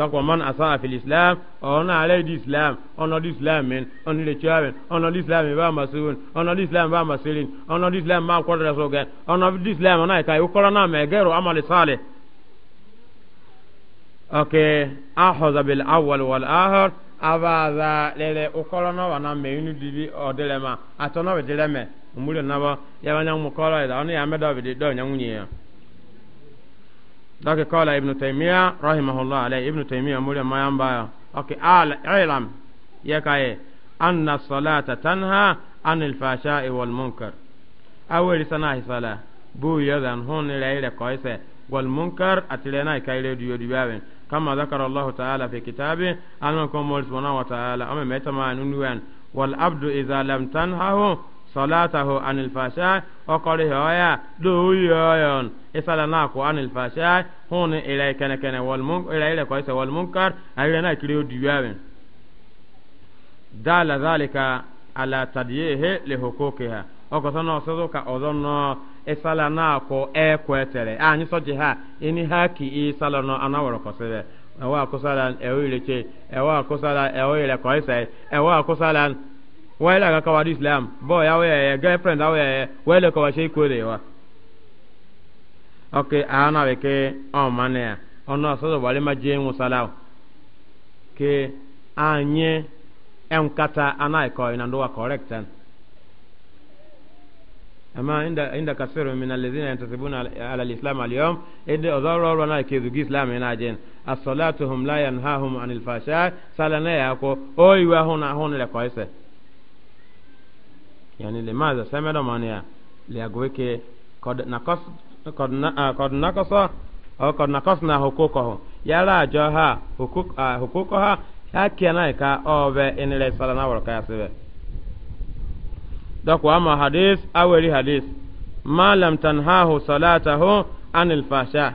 sako man asaa fi islam ona ale di islam ona di islam men ona le chawen ona di islam ba masun ona di islam ba masilin ona di islam ma ko da soga ona di islam ona kai ukora na me gero amal salih okay akhadha bil awwal wal akhir abaza lele ukora na wana me inu dibi odelema atona wedeleme umule nabo yabanya mukora ida ona ya medo bi do dɔki kɔla ibnu taimiya rahimahullah alayhi ibnu taimiya muri ma yan baya ok al ilam ya kaye anna salata tanha anil fasha'i wal munkar awori sana hisala bu yadan hun rayre koise wal munkar atilena kaire diyo diyawen kama zakara allah ta'ala fi kitabi anna kumul subhanahu wa ta'ala amma metama nunuwan wal abdu idza lam tanhahu salatahu anil fashai okori hoya do uyoyon isala na ko anil fashai hun ila kene kene wal mun ila ila ko isa wal munkar ayira na kiri odiyawen dala zalika ala tadiyehe li hukukiha oko sono sozo ka ozono isala na ko e ko etere anyi soje ha ini haki isala no anaworo kosebe ewa kusalan ewe ileke ewa kusalan ewe ile ko isa ewa kusalan wayla ga kawadi islam bo ya we girlfriend awe wele ko washe ko rewa okay ana we ke o mane ono so wale ma je mu salaw ke anye en kata ana e ko ina ndo correct ama inda inda kasiru min alladhina yantasibuna ala alislam alyawm inda adharu na kizu islam ina jen as-salatuhum la yanhahum anil fasha salana yako oiwa hona hona le koise يعني لماذا سمع له مانيا ليقولك قد نقص قد آه، قد نقص أو قد نقصنا حقوقه يلا جاها حقوق آه، حقوقها هكيا نايكا أو إن لا يصير نور كاسبه دك وما حديث أولي حديث ما لم تنهاه صلاته عن الفحشاء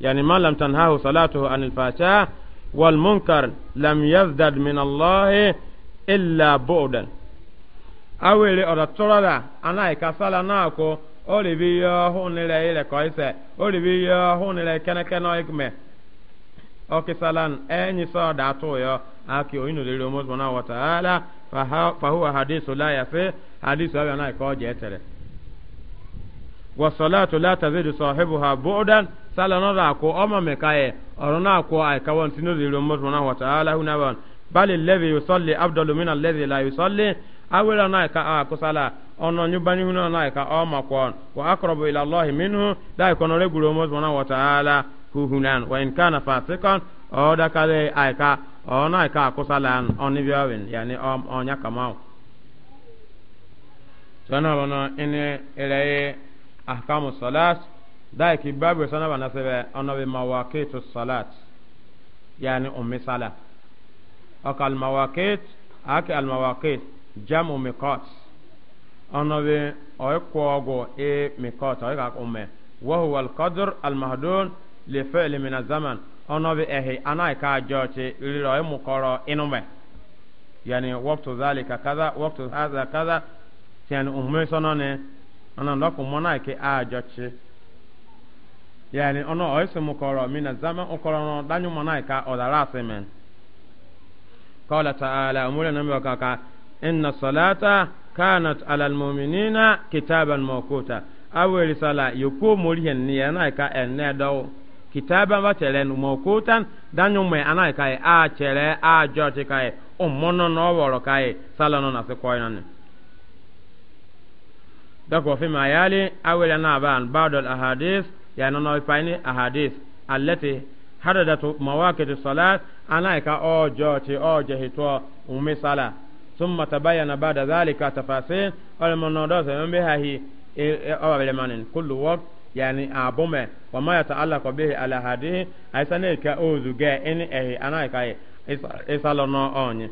يعني ما لم تنهاه صلاته عن الفحشاء والمنكر لم يزدد من الله إلا بعدا awere ana anaghị kasala na-akụ olibi ihe ọhụụ nile ilekọ ise olibi ihe ọhụụ nile kenekene ikume ọkisalan enyi sọda atụ ya aki oyin o omozmọ na wataala fahuwa hadis layasi hadis ọbịa na ikọ ọjị etere wasalatu la tazidu sahibuha bu'dan salana da ko oma mekaye orona tinu na wataala hunaban bal alladhi la awela na ka a kusala ono nyubani na ka o makwon wa aqrabu ila allah minhu da ikono le guro mo subhanahu wa in kana na ka kusala oni biawin yani o onya kamao sana wana ine ahkamu salat da ki babu bana salat sala ake jamu mikot ono be oy kogo e mikot oy ka umme wa huwa al qadr al mahdun li fi'l min al zaman ono be ehi ana ka joche riro e mukoro inume yani waqtu zalika kaza waqtu hadha kaza yani umme sonone ana ndo ko mona ke a joche yani ono oy se mukoro min al zaman ukoro no danyu mona ka odara semen qala ta'ala amulana mbaka inna salata kanat alal mu'minina kitaban mawquta awel sala yoko morihen ni yana ka enne dawo kitaban ba telen mawqutan danyo me ana ka a chere a jote ka o mono no woro ka sala no na se koinan dako fi ma yali awel na ban ba'dal ahadith yana no paini ahadith allati hadadatu mawaqit salat ana ka o jote o jehito umi sala ثم تبين بعد ذلك تفاصيل المنادات بها هي أول من كل وقت يعني أبوما وما يتعلق به على هذه أيسان كأوزو جاء إن إيه أنا كاي إسالنا أني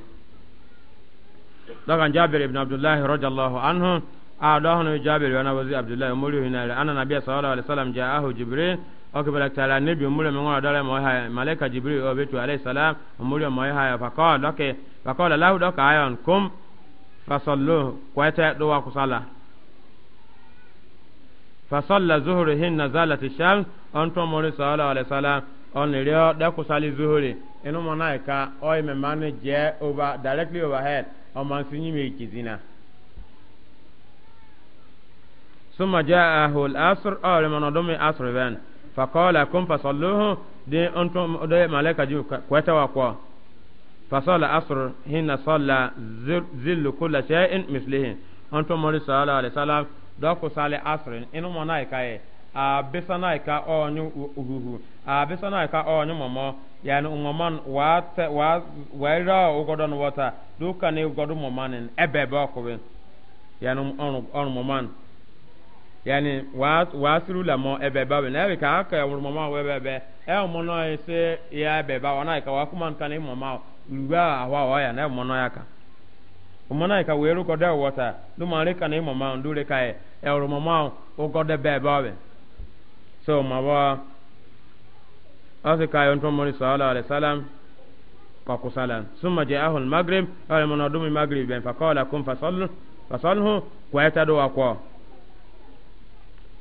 لكن جابر بن عبد الله رضي الله عنه أعلاه جابر وأنا وزي عبد الله أمره هنا أن النبي صلى الله عليه وسلم جاءه جبريل okibala tala nebi omuli omengona dala moyhaya malaika jibril obitu alayhi salam omuli omoyhaya fakol doke fakola lahu doka ayon kum fasallu kwete duwa kusala fasalla zuhuri hin nazalat shams on to mori sallallahu alayhi salam on riyo da kusali zuhuri inu monaika oy me mani je over directly overhead on man sinyi me kizina summa ja'ahu al-asr aw lamana dumi asr fakoola kun fasooli nden ɔn tụ ndee maale ka ji kweetaw a kwaa fasoola asiiru hinna fasoola zillu kulla chee en mislihe ɔn tụ mori sialaa alay salam dɔɔkụ sali asiru ɛnụ mɔnaị ka yi abisanaị ka ɔ ɔnye ụhụhụ abisanaị ka ɔ ɔnye mmɔmɔ yani ɔn mɔmɔ nn ɔ wa tɛ ɔ ɔ wa ɛ yra ɔ ɔgɔdɔ n'uwata duu kanee gɔdụ mmɔmɔ nị ebe bụ ɔkụrụ yaa na yani waasiru la mɔ ɛbɛ ba bɛ n'ayi ka aka ɛwuru mɔmɔ awɔ ɛbɛ bɛ ɛwɔ mɔ n'o se ya ɛbɛ ba wɔn ayi ka waa kuma nkan ne ya na ya kan o ka weeru kɔdɛ wɔta ka yɛ ɛwuru o ba bɛ so ma ɔsi ka yɔn tɔmɔri sɔɔla alayi salam kɔkusalan suma jɛ ahol magreb ɔlɛ mɔnɔ dumi magreb bɛn fakɔɔla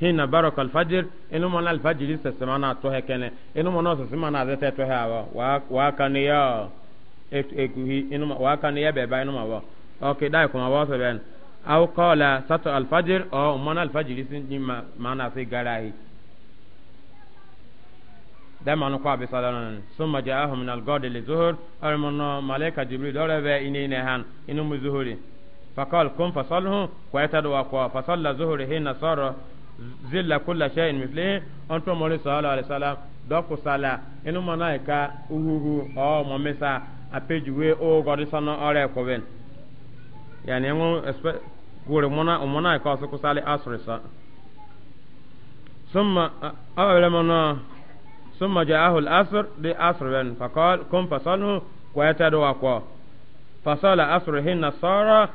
hina baraka alfajir inu mona alfajiri sesema na tohe kene inu mona sesema na zete tohe awa wa wa kani ya ekuhi inu wa kani ya beba inu mawa okay dai kuma wa seben aw qala satu alfajir o mona alfajiri sin ma mana sai garahi dama no kwa bisala nan summa ja'ahu min al-god li zuhur armono malaika jibril dole be ine ne han inu mu zuhuri fakal kun fasalhu wa yatadu wa fasalla zuhuri hina sara zilla kulla shay'in mithli on to mori sallallahu alaihi wasallam do ko sala inu malaika uhuhu o mo mesa apejuwe o godi sono ore ko ben yani mo gore mona mona ka so ko sala asri sa summa awala mona summa ja'ahu al-asr li asr ben faqal kum fasalhu wa yatadu wa ko fasala asrihin nasara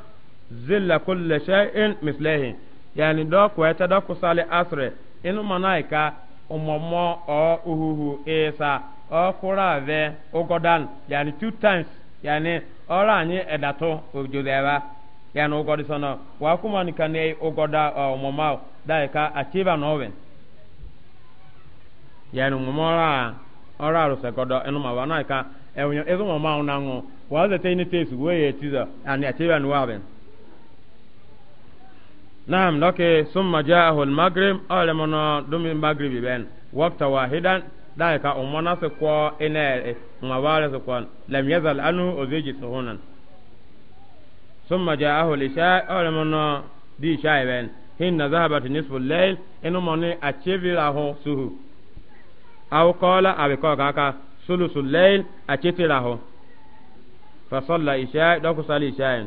zilla kulla shay'in mithlihi yani do kwete do kusali asre inu manaika umomo o uhuhu isa o kura ve ugodan yani two times yani ora anyi edato ojodeba yani ugodi wa kuma nikane ugoda umoma daika achiba noven yani umomora ora aruse godo inu manaika ewu ezu mama unangu wa ni ani نعم لك ثم جاءه المغرب أول من دم المغرب بين وقت واحدا ذلك أمنا سقوا إن موارد سقوا لم يزل أنه أزيج سهونا ثم جاءه العشاء أول من دي شاي بين حين ذهبت نصف الليل إنه من أتشفي له سهو أو قال أبي كوكاكا ثلث الليل أتشفي له فصلى العشاء دوك صلى العشاء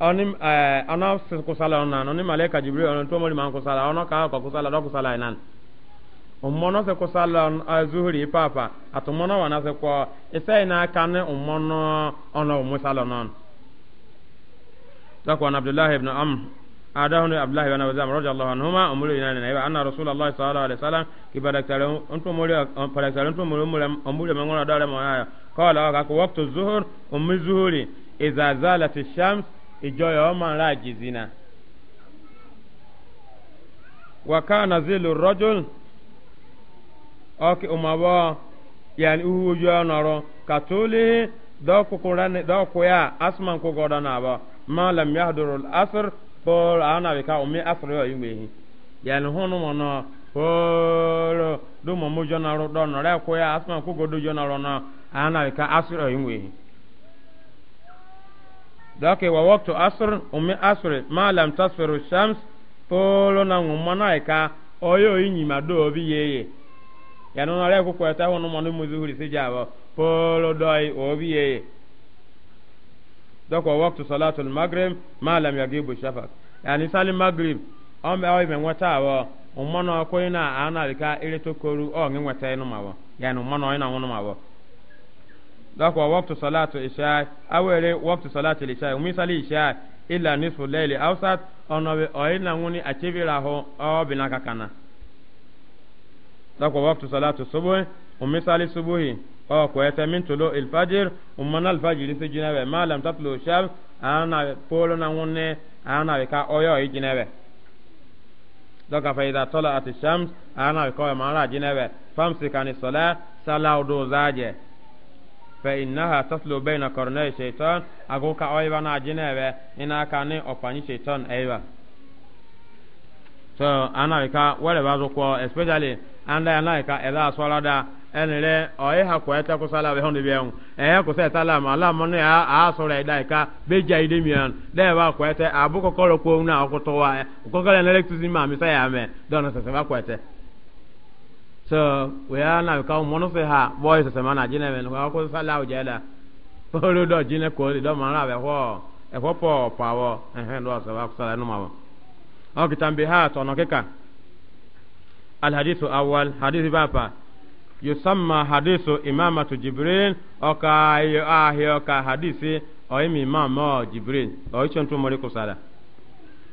onim eh ona kusala ona onim malaika jibril ona to mori man kusala ona ka ka kusala do kusala inan e ummono se kusala azuhri eh, papa atumono wana se ko isai e na kane ummono ona umusala non dakwa abdullah ibn amr adahunu abdullah ibn abdullah radiyallahu anhuma umuru inana na anna rasulullah sallallahu alaihi wasallam kibadaktare ijoya ọma nra jizina waka na zilu rojul ọkị ụmabọ ya ihu uju ọnọrọ ka ya asman na malam ya dụrụ asịr pol anabi ka umi asịrị ya igbehi ya ni hụnụ mọ nọ pol dụmọmụ na dọnọrọ ya kwụ ya asman kwụgọdọ na asịrị dake wa waktu asr umi asr ma lam tasfiru shams polo na ngumana eka oyo inyima yeye yanu na leku ko ta hono monu muzuhuri polo doi obi yeye dako waktu salatul maghrib ma lam yagibu shafaq yani salim maghrib on be oyi menwata awo ko ina ana tokoru o ngi nwata inu mawo yani na ina mawo dɔk wa wɔktu salatu ishaa awere wɔktu salatu ishaa misali ishaa ila nisfu leli awsat ɔnɔbi ɔyi na ŋuni acibira ho ɔbina ka kana dɔk wa wɔktu salatu subuhi misali subuhi ɔ kɔɛtɛ min tulo ilfajir umana ilfajir si jinɛbɛ ma lam tatlu shab ana polo na ŋuni ana ka ɔyɔ yi jinɛbɛ dɔk fa idha tola ati shams ana kɔyɔ ma ana jinɛbɛ famsikani sola salawdo zaajɛ فإنها تسلو بين قرني الشيطان أقولك أيوة ناجنة إنا كان أفاني الشيطان أيوة so ana ka wale bazo ko especially anda ana ka ela swala da enle o e ha ko eta ko sala be hondi be on e ko se sala ma ala mo ne a a so re ka be ja ide mi an de ba ko eta abu ko ko ko na ko wa ko ko le electricity ma mi sa ya me don ba ko eta so wea na ka mono fe ha boy se semana jine men wa ko sala o jela polo do jine ko do ma ra be ho e ho po pawo eh do se wa sala no ma o kitambi ha to no keka al hadithu awwal hadithu bapa yusamma hadithu imamatu jibril o ka ahi o ka hadisi o imi imam jibril o chontu mori ko sala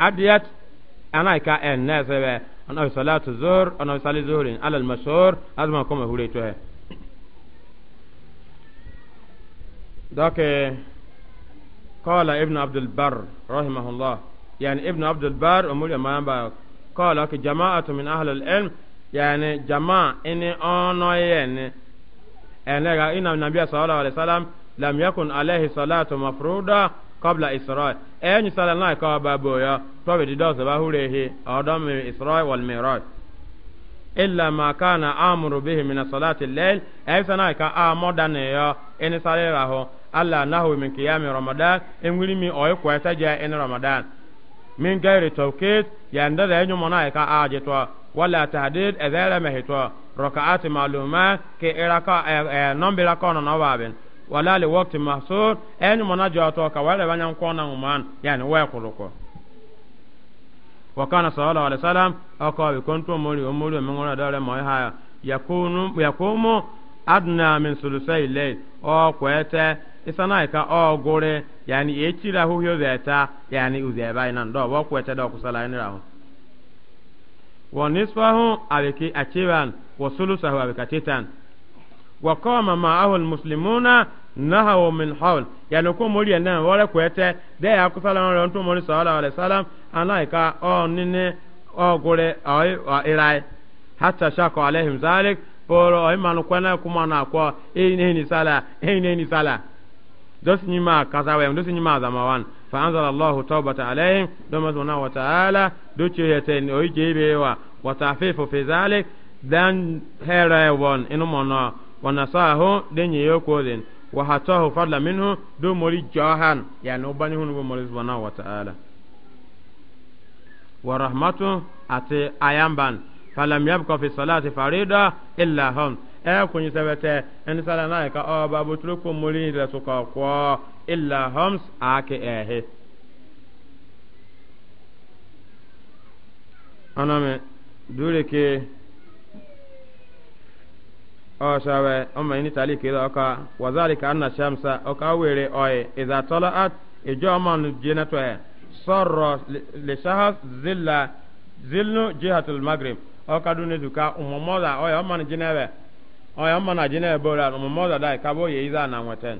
عبديت أنا كا إن ناس بقى أنا في صلاة الظهر أنا في صلاة الظهر على المشهور هذا ما كم هو ليتوه قال ابن عبد البر رحمه الله يعني ابن عبد البر أمول ما ينبع قال جماعة من أهل العلم يعني جماعة إن أنا يعني إن النبي صلى الله عليه وسلم لم يكن عليه صلاة مفروضة kọbla israel ẹ̀yẹ́nyì sálẹ̀ náà kọ́ ọba bòyọ tọ́bi dídọ́ ọ̀sẹ̀ bá húre he ọ̀dọ́ mi israel wọ̀l mìíràn. illa ma kana amuru bihi min salati al-layl ay sana ka amoda ne yo en sare raho alla nahu min qiyam ramadan en wiri mi oy ko ta ja ramadan min gairi tawkit ya nda da nyu mona ka aje to wala tahdid azala mahito raka'at ma'luma ke iraka nombira kono no babin wala le wakti mahsur en mona jato ka wala banyan kona man yani wa kuruko wa kana sallallahu alaihi wasallam akawi kontu mori omori mengona dare mo haya yakunu yakumu adna min sulusai layl o kwete isana ka o gore yani echira huyo zeta yani uzeba ina ndo wa kwete do kusala ina rahu wa nisfahu abiki achiban wa sulusahu abikatitan wa qama ma'ahu almuslimuna nahawo min hawl yani ko mori yana wala ko ete de ya ku sala ron to mori sallallahu alaihi wasallam anaika o nini irai hata shako alaihim zalik poro o kwana kuma na ko eyin ni sala eyin ni sala dos nyima dos nyima fa allah tawbata wa ta'ala wa zalik dan inu wa wa hatahu fadla minhu do mori jahan yani ubani hunu bo mori subhanahu wa ta'ala wa rahmatu ati ayamban falam yabqa fi salati farida illa hum e kunyi sabete en sala na ka o babu turuko mori da to ka ko illa hums ake ehe aname dure ke ọshawe ọma ini tali kida ọka wazalika anna shamsa ọka were ọyị iza tọla at ijo ọman jenatọ sọrọ lishahas zilla zilnu jihatul magrib ọka dune duka umumọda ọyị ọman jenebe ọyị ọman jenebe bora umumọda dai kabo ye iza na nweten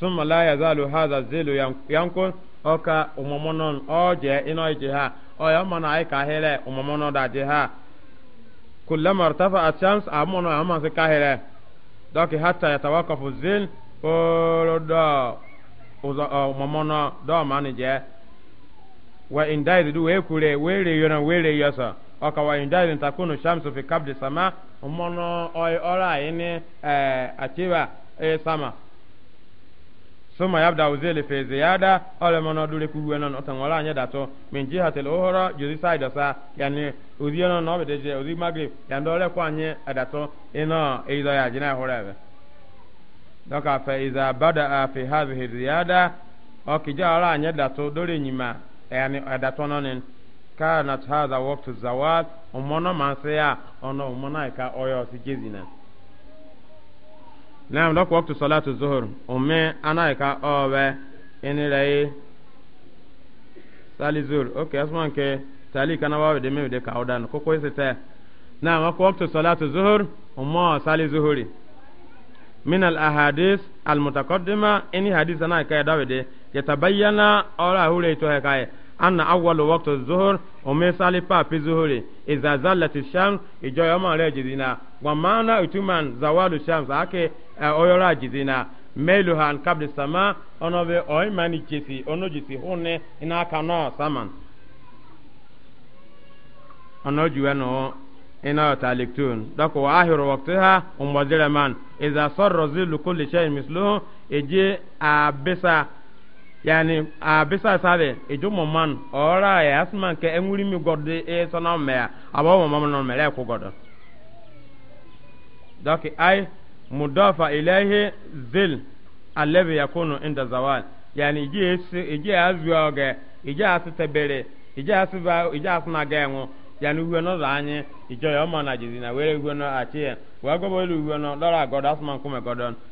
summa la yazalu haza zilu yankun ọka umumonon ọje ino ije ha ọyị ọman ayi ka hele umumonoda je ha kullama irtafa ashams amono amma se kahire doki hatta yatawaqafu zil polo do uza mamono do mani je wa indai du we kure we re yona we re yasa aka wa indai takunu shamsu fi kabdi sama umono oy ora ini eh e sama suma yabda uzele fe ziyada ole mono dure ku huwe non otan wala nya dato min jihatil uhra juzi side sa yani uzi non no bede je uzi magri ya ndole kwa anye adato ino eizo ya jina horebe doka fe iza bada fi hadhihi ziyada o kija ala anya dato dore nyima yani adato nonin kana hadha waqtu zawal umono manseya ono umona ka oyo si jezina naam lɔk wɔktu salatu zuhur umme ana ka ɔɔbɛ ini rɛyi sali zuhur ok asman ke tali kana wawe de mewi de ka ɔdan koko isi tɛ naam lɔk wɔktu salatu zuhur umma sali zuhuri min al ahadis al mutaqaddima ini hadis ana ka dawe de yatabayyana ɔra hure to anna awwalu waqti zuhur o min sali pa fi zuhuri iza zallati shams ijo yoma re jidina wa mana utuman zawalu shams ake uh, oyora jidina meluhan kabli sama ono be oy mani jisi ono jisi hunne ina kana saman ono juweno ina taliktun dako wa ahiru waqtiha umbadira man iza sarra zillu kulli shay'in misluhu eje abesa uh, yani a bisa sabe ijo mo man ora ya e, asman ke enwuri mi godde e so na me aba mo mam no me le ko godo doki ay mudafa ilayhi zil alladhi yakunu inda zawal yani ije ije azu oge ije asu tebere ije asu ba ije asu na ga enwo yani uwe no za anyi ijo ya mo na jizi na were uwe no achie wa gobo lu uwe no dora godo asman kume godon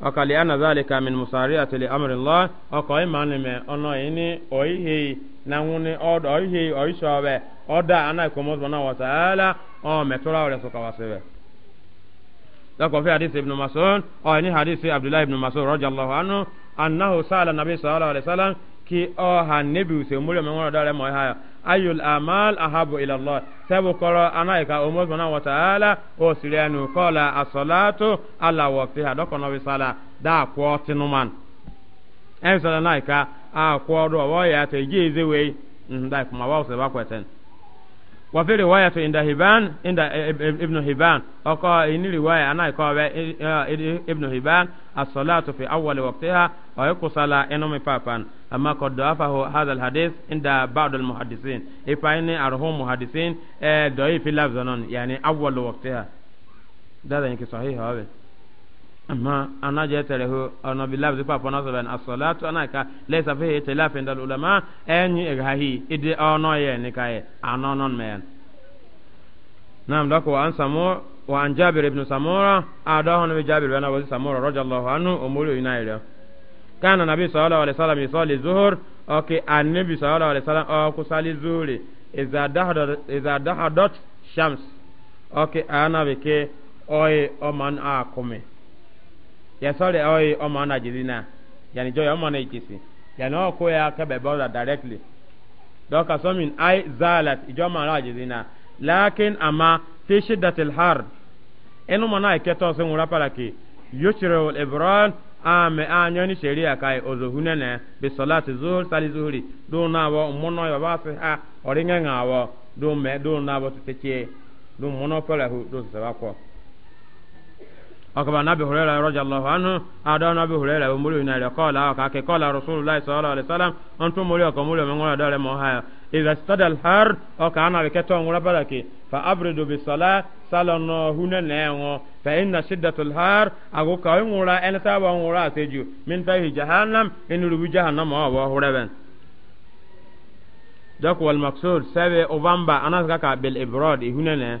ọka liana zalika min musariati li amri llah ọka ima ni me ọnọ ini oihe na nwuni ọdọ oihe oisọbe ọda ana ikomo zọna wataala ọ metura ọrẹ sọka wasebe dọkọ fi hadisi ibn mas'ud ọ ini hadisi abdullahi ibn mas'ud radiyallahu anhu annahu sala nabi sallallahu alaihi Salam, ki ọ ha nebi use muri omenwọrọ dọrẹ mọ ha ayul amal ahabu ila Allah sabu koro anaika umar subhanahu wa ta'ala o sirianu kola as ala waqtiha doko no sala da ko tinuman en sala naika a ko do wa ya te jeze we ndai kuma wa se ba kweten وفي رواية عند هبان عند ابن هبان وقال إن رواية أنا يقول ابن هبان الصلاة في أول وقتها ويقول صلاة إنهم بابا أما قد ضعفه هذا الحديث عند بعض المحدثين إفاين أرهم محدثين ضعيف لفظا يعني أول وقتها ده يعني صحيح هذا amma ana je tare ho ana billahi zufa fa nasu ban as ana ka laysa fihi tilaf indal ulama ayni igahi ide ono ye ni kai anonon men nam dako an samu wa an jabir ibn samura adahu nabi jabir wa nabi samura radiyallahu anhu umuru inaira kana nabi sallallahu alaihi wasallam yusalli zuhur okay an nabi sallallahu alaihi wasallam o ku sali zuhuri iza dahada iza dahadat shams okay ana beke oy oman akome yasɔre ɔye ɔma na jiri na yani jɔ ya ɔma na ikisi yani ɔko ya kɛbɛ bɔra directly dɔka sɔmin ai zalat ijɔ ma na jiri na lakin ama fishi shiddatil har ɛnu ma na ikɛtɔ sɛ ŋura para ki ibran ame a nyɔni sheria kai ozohune ne bi salati zuhur sali zuhuri do na wɔ mɔnɔ yɔ ba ha ɔri ŋɛ ŋa wɔ do mɛ do na wɔ tete kie do mɔnɔ pɛlɛ ho do sɛ kɔ akaba nabi hurera radiyallahu anhu ada nabi hurera o muri na qala aka ke qala rasulullah sallallahu alaihi wasallam antum muri aka muri mo ngora dare mo haya idha stada al har o ka ana ke to ngora barake fa abridu bi sala salano huna nengo fa inna shiddatul har ago ka ngora en ta ba ngora seju min fa jahannam in rubu jahannam o wa hureben dak wal maqsud sabe obamba anas ka bil ibrad hunene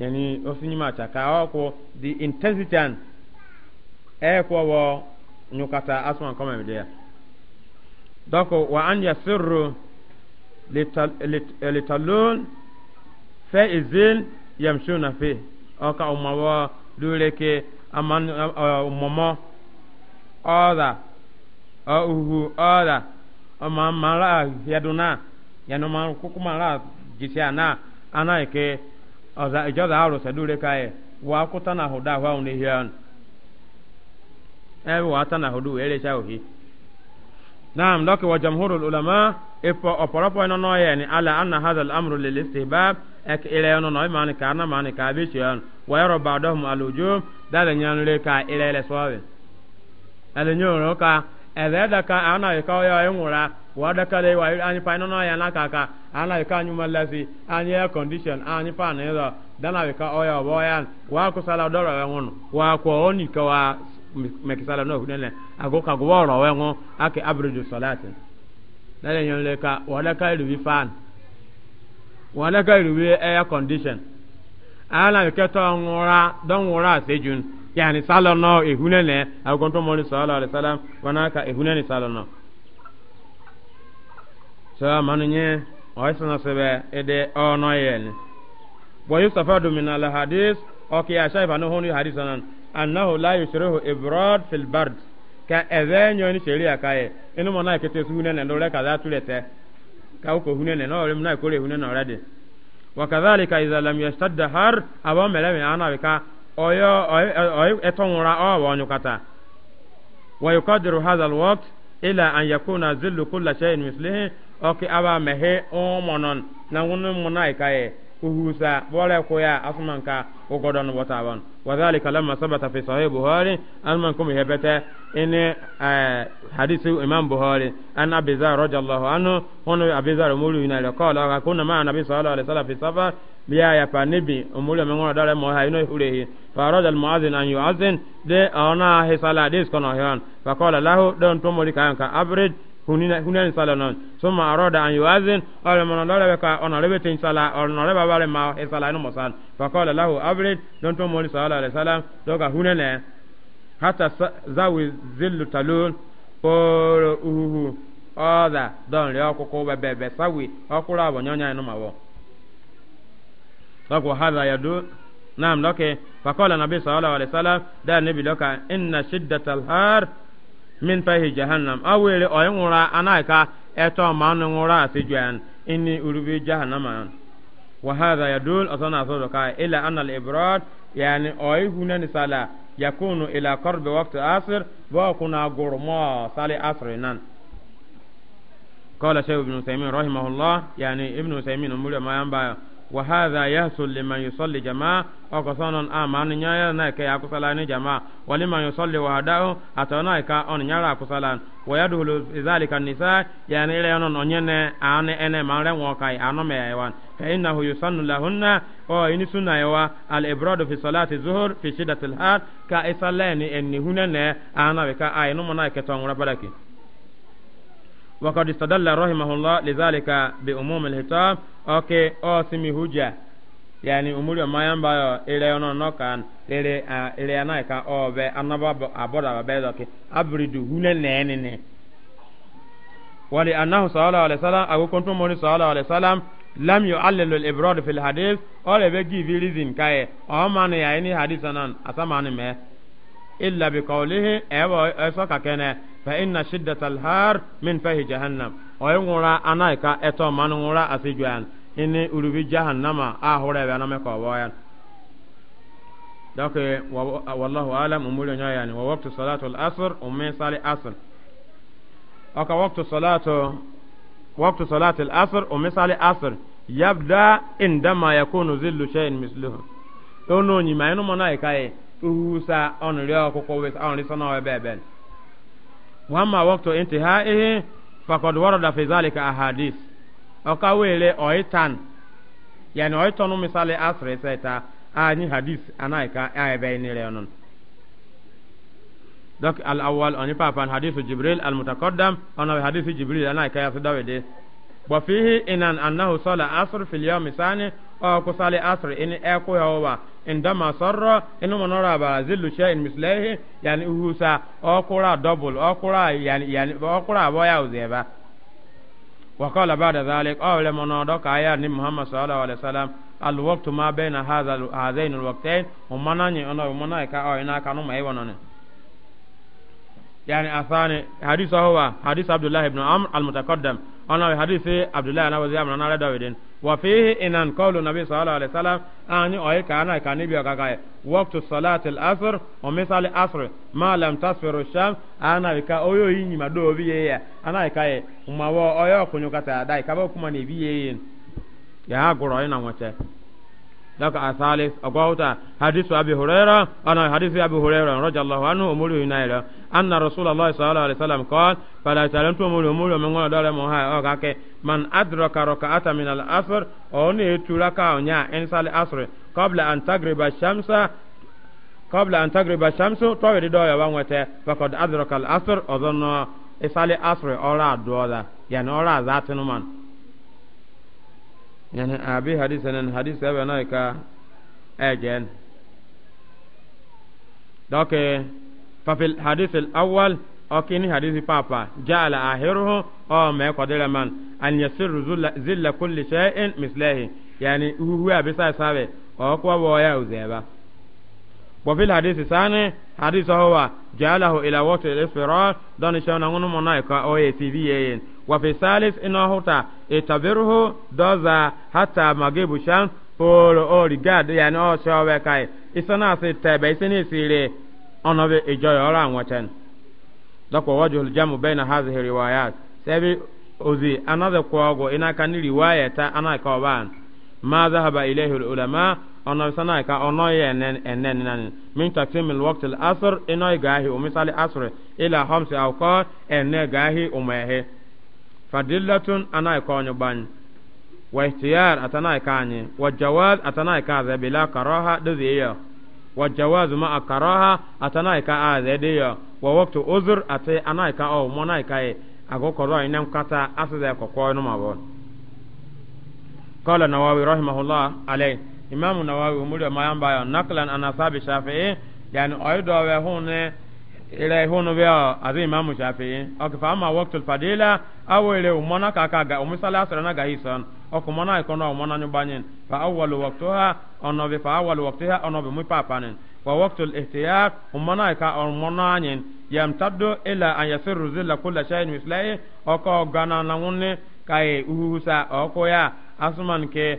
yani osinyima ta ka ko the intensity an e ko wo nyukata asman kama mi dia donc wa an yasirru litalun fa izil yamshuna fi o umawa dure aman umama oda o uhu oda o ma yaduna yanu ma kukuma la jisiana ana ke ọza ijọza arụ sadure kaye wa akwụta na ahụda ahụ ahụ n'ihi anụ ebe wa ata na ahụda wee recha ohi نعم لك وجمهور العلماء أبرابا إنه يعني على أن هذا الأمر للاستحباب أك إلى أنه نوي معنى كارنا معنى كابيشيان ويرى بعضهم الوجوب دل ينو لك إلى إلى سواب ألن يورو كا أذا دكا أنا يكاو يا يمورا wadakale wa ani pa na ya naka ka ana ka nyuma lazi ani air condition ani pa na yo dana we ka oya bo ya wa ku sala doro we ngono wa ku oni ka wa mekisala no hunene ago ka go woro we ngo ake abruju salati dale nyon le ka wadakale du bi fan wadakale du air condition ana ke to ngora don ngora yani sala no ago to mo ni sala alayhi salam so manu nye oisana sebe ede ono yen wa yustafadu domina la hadis oke ya shaifa no honu hadisanan annahu la yushrihu ibrad fil bard ka ebe nyo ni sheria kae inu na kete suhune ne ndore kaza tulete ka uko hunene no ole mna kore hunene wakazali wakadhalika idha lam yashtadda har aba meleme ana bika oyo oyo etonwura obo onyukata wa yuqaddiru hadha alwaqt ila an yakuna zillu kulli shay'in mislihi oke aba mehe omonon na ngunu munai kaye kuhusa bole koya asuman ka ugodon wata ban wadhalika lamma sabata fi sahih buhari alman kum hebete in eh, hadithu imam buhari an abi zar radiyallahu anhu hono abi zar mulu ina le qala ka kunna ma nabi sallallahu alaihi wasallam fi safar biya ya pa nibi umulu me ngona dare mo ha ino hurehi fa rada muazin an yuazin de ona he sala dis kono hian fa kala lahu don to mori kan average hunina hunan sala non summa arada an yuazin ala man la beka ona lebe tin sala ona lebe bare ma e sala no mosan fa qala lahu abrid don to moli sala alayhi salam doka hunene hatta zawi zillu talul poro uhu oda don le okoko bebe be sawi okura abonyonya no mawo lako hadha yadu nam loke fa qala nabi sallallahu alayhi wasallam da nabi loka inna shiddatal har min fahi jahannam awere oyi ŋura anaika eto maanu ŋura asijuan inni urubi jahannama wa hadha yadul asana asodo ka ila anna al-ibrad yani oyi hunani sala yakunu ila qarbi waqti asr bo kuna gurmo sali asri nan قال شيخ ابن تيميه رحمه الله يعني ابن تيميه مريم ما ينبغي وهذا يحصل لمن يصلي جماعة وقصانا آمان نيايا نايكا يكسلان جماعة ولمن يصلي وحده حتى نايكا أن يرى كسلان ويدخل ذلك النساء يعني إلى أن أنين أن أن من رم وكاي أن ميوان فإنه يسن لهن أو إن سنة يوا الإبراد في صلاة الظهر في شدة الحر كإسلان إن هنا أنا بكا أي نمنا كتوم ربك وقد استدل رحمه الله لذلك بأموم الهتاب oke osimi huja yani umuri mayan bayo ire ono nokan ire uh, ire anaika obe anaba aboda babe doki abridu hune nene ne wali annahu sallallahu alaihi wasallam agu kuntum muri sallallahu alaihi wasallam lam yu'allilu al-ibrad fil hadith ole be give reason kai o man ya ini hadith anan asaman me illa bi qawlihi ewa eso kakene fa inna shiddatal har min fahi jahannam oyi ŋura anayi ka ɛtɔ mani ŋura asi ya ini urubi jahan a hura ebe anamɛ kɔ bɔyan dɔke wallahu alam umuri ya yani wa waktu salatu asr ummi sali asr aka waktu salatu waktu salatu asr ummi sali asr yabda indama yakunu zillu shay'in misluhu ono nyima eno mona ikaye uhusa fakod warada fi zalika ahadis oka wele oitan yani oitonu misali asre seta ani hadis anaika ayebe inire onon dok al awwal oni papan hadisu jibril al mutaqaddam ona hadisu jibril anaika yasdawede wa fihi inan annahu sala asr fil yawmi sani o kusali asr ini eko yawa indama sarra inu manora ba zillu shay'in mislihi yani uhusa okura double okura yani yani okura boya uzeba wa qala ba'da dhalik awla manodo kaya ni muhammad sallallahu alaihi wasallam al waqtu ma baina hadha hadain al waqtain umana ni ona umana ka o ina kanu mai wonone yani athani hadithu huwa hadith abdullah ibn amr al mutaqaddam ona hadisi abdullahi ana wazi amna nare dawidin wa fihi inan qawlu nabi sallallahu alaihi wasallam ani oy kana kani biya kaka waqtu salati al-asr o misali asr ma lam tasfiru sham ana ka oyo yinyi mado biye ya ana ka e umawo oyo kunyukata dai kaba kuma ne biye ya goro ina ngoche لك أثالث أقوتا حديث أبي هريرة أنا حديث أبي هريرة رضي الله عنه أمور ينايرة أن رسول الله صلى الله عليه وسلم قال فلا تعلمت أمور أمور من قول دولة مهاي أوكاك من أدرك ركعة من الأسر أوني تلقى أنيا إنسى الأسر قبل أن تغرب الشمس قبل أن تغرب الشمس طوي دولة وانوته فقد أدرك الأسر أظن إسالي أسر أولا دولا يعني أولا ذات نمان yani abi hadisa nan hadisa ya na ka again doke fafil hadith al-awwal okini hadithi papa jala ahiruhu o me kodira man an yasir zilla kulli shay'in mislihi yani uhu abisa sabe o kwa bo ya uzeba wa fil hadith sane hadith huwa jalahu ila waqti al-ifrar dan shawna ngunu monaika o yesibiyen wafi salis ina huta doza hata magibu shan o rigad o showe kai isana tebe isini sire ono bi ijoyo ora anwachen dako wajul jamu baina hadhihi riwayat sebi ozi another kwago ina kani riwayata ka ban ma dhahaba ilayhi ulama ono sana ka ono yenen enen nan min taqsim al waqt al asr ina gahi o misali asr ila hamsi fadillatun anai konyo ban wa ihtiyar atanai kanye wa jawaz atanai ka za bila karaha dadiyo wa jawaz ma karaha atanai ka azadiyo wa waqtu uzr atai anai ka o monai kai agokoro inem kata asida ko koyno mabon qala nawawi rahimahullah alay imam nawawi umuri ma yamba naklan ana shafi'i yani oydo we hunne ila hono be azim imam shafi'i ok fa ma waqtul fadila aw ila umana ka ka ga umisala na ga isan ok umana ko na umana nyu banyen fa ha waqtuha ono be fa awwalu ha ono be mu wa waqtul ihtiyat umana ka umana ila an shay'in ok gana na ya asuman ke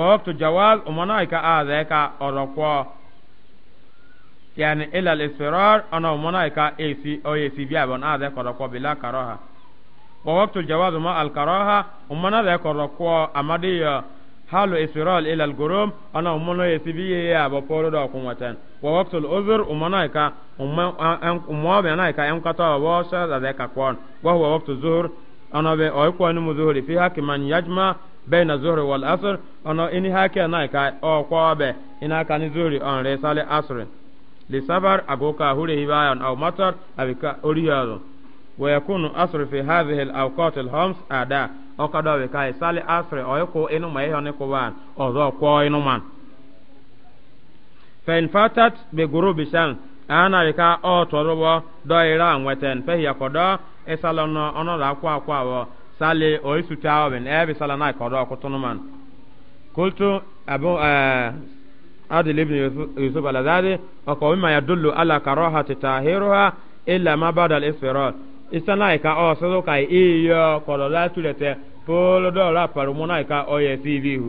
wa umana ka yani ila al-israr ana umana ka esi o esi bi abon ada koro ko bila karaha wa waqtu jawaz ma al-karaha umana da koro ko amadi ya uh, halu israr ila al-gurum ana umana esi bi ya abo poro do ko watan wa waqtu al-uzr umana ka umma be na ka en wa sha da da ka kon wa huwa waqtu zuhr ana be o ko ni muzuhri fi hakiman yajma baina zuhr wal asr ana ini hakia na ka o ko be ina ka ni zuhri on resale asrin li sabar agoka hure hibayan aw matar abika oriyado wa yakunu asr fi hadhihi al-awqat al homs ada o kada we kai sali asr o ko inu ma ehon ko wan o zo ko inu man fa in fatat bi ghurubi shan ana we ka o torobo do ira anweten pe ya kodo esalono ono da akwa akwa awo sali o isuta o ben e bi sala na kodo ko man kultu abu uh, عادل ابن يوسف الأزادي وقوم ما يدل على كراهة تاهيرها إلا ما بعد الإسفرار إسانا إكا أو سيدوكا إيو قلولا تلتة بولو دولا فرمونا إكا أو يسيبيه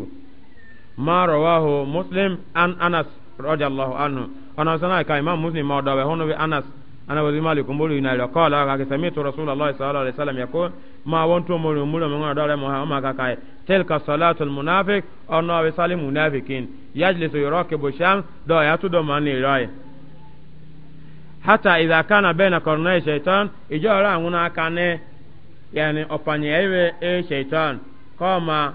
ما رواه مسلم عن أنس رضي الله عنه أنا سنا إكا إمام مسلم ما دوه هنو بأنس ana wazi mali kumbulu ina ile kala akisamitu rasulullah sallallahu alaihi wasallam yakun ma wontu mulu mulu mwana dole muhammad kakae tilka salatul munafiq ona wa salim munafiqin yajlisu yurakibu sham do yatu do mani rai hata idha kana baina qarnay shaytan ijara nguna kane yani opanye ewe e shaytan kama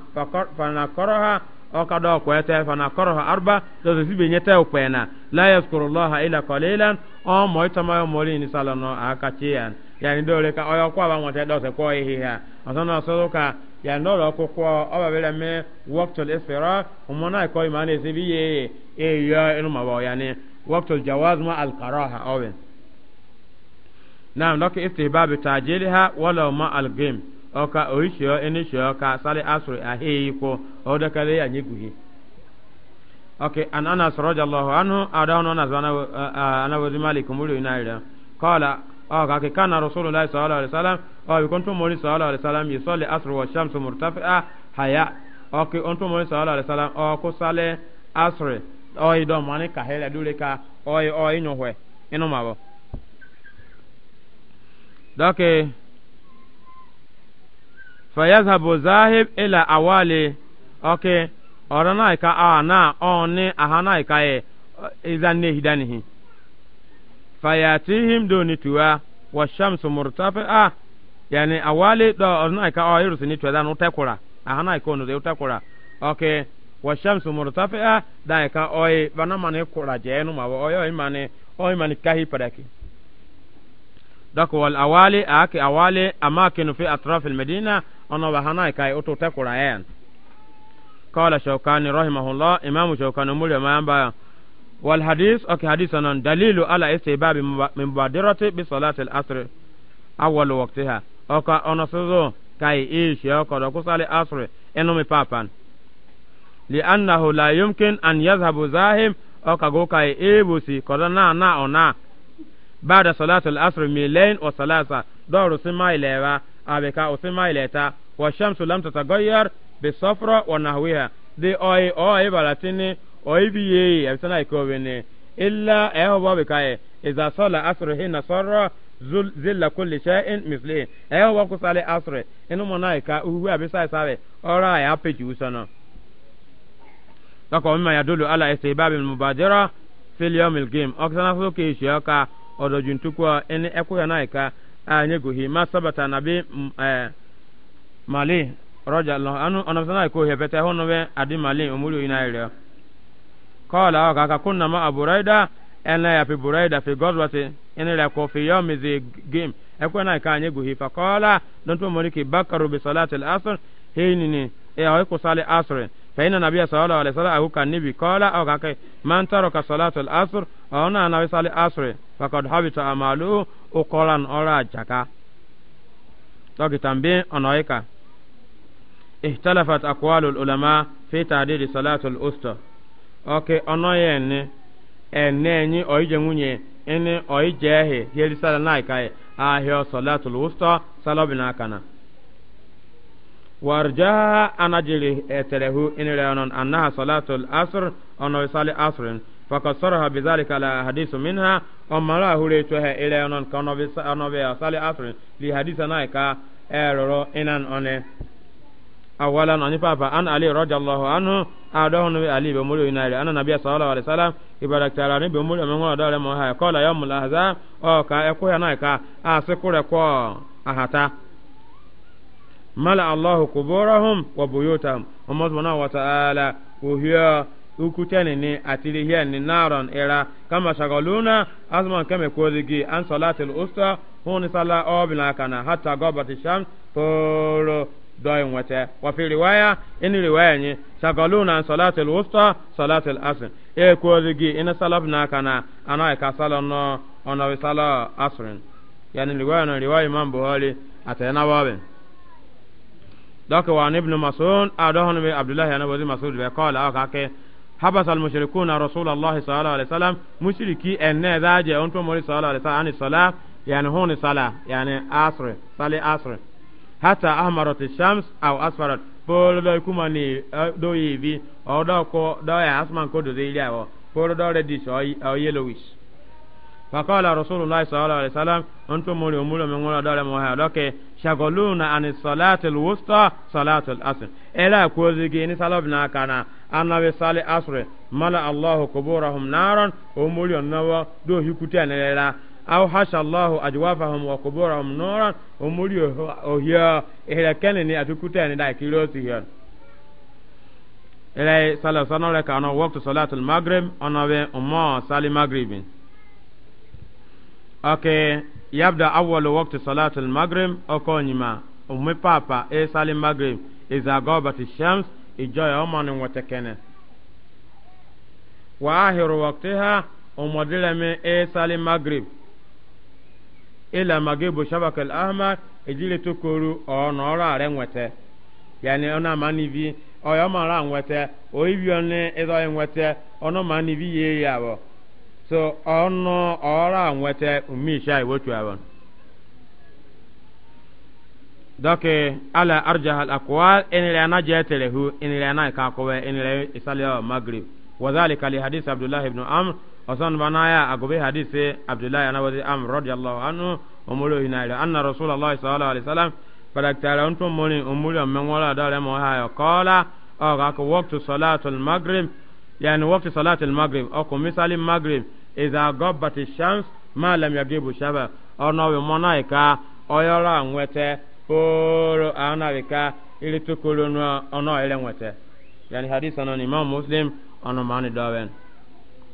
fanakoroha okado kwete fanakoroha arba do zibenye te upena la yaskurullaha ila qalilan ọ moitama mori ni salono ya yani dole ka oyo kwa ba mote do se ko ehi ha osono so ka ya ndoro kokwo oba bele me waqtul isfira na ko imane se bi ye e ya enu mawo yani waqtul jawaz ma al karaha awen naam doki istihbab tajilha wala ma al game oka oisho enisho ka sale asri ahi ko odakale ya nyiguhi okay an anas radiyallahu anhu adawno anas ana uh, wazi malik mulu inaira qala aw ka ke kana rasulullah sallallahu alaihi wasallam aw oh, kuntum muli sallallahu alaihi wasallam yusalli asr wa shamsu murtafi'a haya okay kuntum muli sallallahu alaihi wasallam aw oh, ko sale asr aw ido mani ka hele dule ka aw aw inyo hwe ino mabo dake fayazhabu zahib ila awali okay ọrọ náà ka a na ọ̀n ní aha náà ka yẹ e, ẹza ní ehida nìhi fayatihim do ni tuwa wa shamsu murtafi a yani awali do ọrọ náà ka ọ irusi ni tuwa dánú tẹkura aha náà ka ọ̀nà tẹkura ọkẹ wa shamsu murtafi a dáa ka ọyẹ bana ma ni kura jẹ ẹnu ma wọ ọyẹ ọyẹ ma ni ọyẹ ma ni kahi padàkì. dɔk wal awali aake awali amakinu fi atrafil medina ɔnɔ wa hanae kae oto tɛkura ɛɛn قال شوكاني رحمه الله إمام شوكاني مولي ما ينبع والحديث أوكي حديثنا دليل على استحباب مبادرة بصلاة العصر أول وقتها أوكا أنصزو كاي إيش يوكا دوكو صلي العصر إنو مبابان لأنه لا يمكن أن يذهب زاهم أوكا غوكا إيبوسي كودنا نا أو نا بعد صلاة العصر ميلين وثلاثة دور سما إليها أبكا وسما إليتا والشمس لم تتغير bi safra wa nahwiha de oyi oyi balatini oyi bi yeyi abisana ikowini illa eho bobi kaye iza sola asru hina sorra zilla kulli shay'in mislihi eho boku sale asru inu mona ka uhu abisa sabe ora ya peji usana dako mimma yadulu ala istihbab al mubadira fil yawm al game oksana soke ishoka odojuntukwa eni ekuya naika anyeguhi ma sabata nabi eh, mali rọjà lọ anu ọ̀nà fún àìkú hẹ pẹtẹ hónú bẹ adimali omúlò yìí náà rẹ kọ́ọ̀lá ọ̀ kàkà kún nàmọ́ àbúráìdá ẹnlẹ́ yàfi búráìdá fi gọ́dọ̀tì ẹni rẹ kò fi yọ́ mìzì gẹ́m ẹkọ́ náà ká anyé gòhì fakọ́ọ́lá lọ́tọ́ mọ́ríkì bákàrò bí sọlá tẹ̀lé asọ̀r hẹ́yìn ni ẹ̀ e, ọ̀ kò sálẹ̀ asọ̀r fẹ́yìn náà nàbíyà sọ̀rọ̀ ọ̀lẹ̀ sọ̀rọ̀ àhú kan níbi kọ́ọ̀lá ọ̀ kàkẹ́ máa ń tọrọ ka sọlá tẹ̀lé asọ̀r ọ̀hún náà náà sálẹ̀ asọ̀r fakọ́d hábitọ̀ àmàlú ọkọ̀ọ̀lá ọ̀rọ̀ àjàká dókítà ń bí ọ̀nà ọ̀yẹ́ka ihtalafat aqwalul ulama fi ta'dil salatul usta oke onoye ne ene enyi oije nwunye ene oije ehe heri sala na ikai ahio salatul usta salobina kana warjaha anajiri eterehu inire onon annaha salatul asr ono isali asrin فقد صرح بذلك على حديث منها أما لا هريتها إلى أن كان نبي صلى الله عليه وسلم لحديث نايكا إيرو إنان أني awalan ani papa an ali radiyallahu anhu adahu nabi ali be muri inaire ana nabi sallallahu alaihi wasallam ibaraktara ni be muri amengwa dare mo ha kola yom lahza o ka e ko yana ka a se kure ko ahata mala allah kuburahum wa buyutahum umma subhanahu wa ta'ala uhiya ukutani ni atili hiya ni naron era kama shagaluna azman kame kozigi an salatil usta huni sala obina kana hatta gobati sham toro dɔɔ ŋmɛtɛ wa fi riwaya ini riwaya nye sagaluna salati wusta salati asr e koorigi ina salaf na kana ana ka salon no ona wi sala asrin yani riwaya na riwaya imam buhari atena wabe dɔkɛ wa ibnu mas'ud a dɔhɔn bi abdullahi ana wazi mas'ud bɛ kɔɔla aw ka kɛ habasa almushrikuna rasulullahi sallallahu alaihi wasallam mushriki enne zaje on to mori sallallahu alaihi wasallam ani sala yani honi sala yani asr sali asr hata ahmarot shams aw asfarat polo do kuma ni eh, do yivi o do ko do ya asman ko do ile awo polo do reddish o yellowish fakala rasulullah sallallahu alaihi wasallam onto mori omulo me ngora dole mo ha doke shagoluna an salatul wusta salatul asr ela ko zigi ni salab na kana annabi sali asr mala allah kuburahum naran omulo nawa do hikuta ne aw hasha allahu ajwafahum wa quburahum nuran umuri ohia ihla kanani atukuta ni da kirosi hiyan ilay sala sanore ka ono waqtu salatul maghrib ono we umma sali maghribin okay yabda awwal waqti salatul maghrib okonyima umme papa e sali maghrib iza gobati shams ijoya omani watekene wa ahiru waqtiha umodilemi e sali maghrib ila magebo shabakal ahmar ejile tokoru ọ̀nà ọ̀rọ̀ ààrẹ nwẹ̀tẹ̀ yàní ọ̀nà àmánivi ọ̀yọ́ màrà ọnụ òyìnbí ọ̀nà ẹ̀dọ̀ nwẹ̀tẹ̀ ma àmánivi yéé yà abụọ. so ọ̀nà ọ̀rọ̀ nwẹ̀tẹ̀ omi ìṣá ìwọ́tù abụọ. Dọkị ala arjahal akwal ẹnìlẹ̀ aná jẹ́ abdullahi ibn amr osan banaya agobe hadise abdullahi anabadi am radiyallahu anhu omolo hinaire anna rasulullahi sallallahu alaihi wasallam fadaktara onto moni omolo mengola dare mo hayo kola o ga ko waqtu salatul maghrib yani waqtu salatul maghrib o ko misali maghrib idha ghabat ash-shams ma lam yagibu shaba ono we monaika oyora nwete poro anabika ili tukulu no ono ile nwete yani hadisa non imam muslim ono mani dawen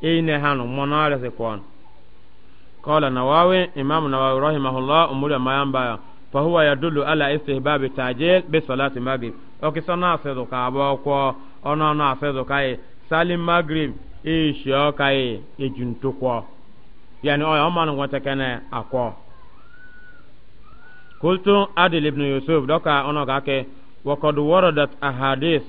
ine hanu monare se kon kola nawawi imam nawawi rahimahullah umuri mayamba ya fa huwa yadullu ala istihbab ta'jil bi salati maghrib na afedo ka abo ko ono no afedo kai e, salim maghrib isho e kai ejuntukwo e yani oyo manu wata akwo قلت عدل ابن يوسف دوكا انا كاكي وقد وردت احاديث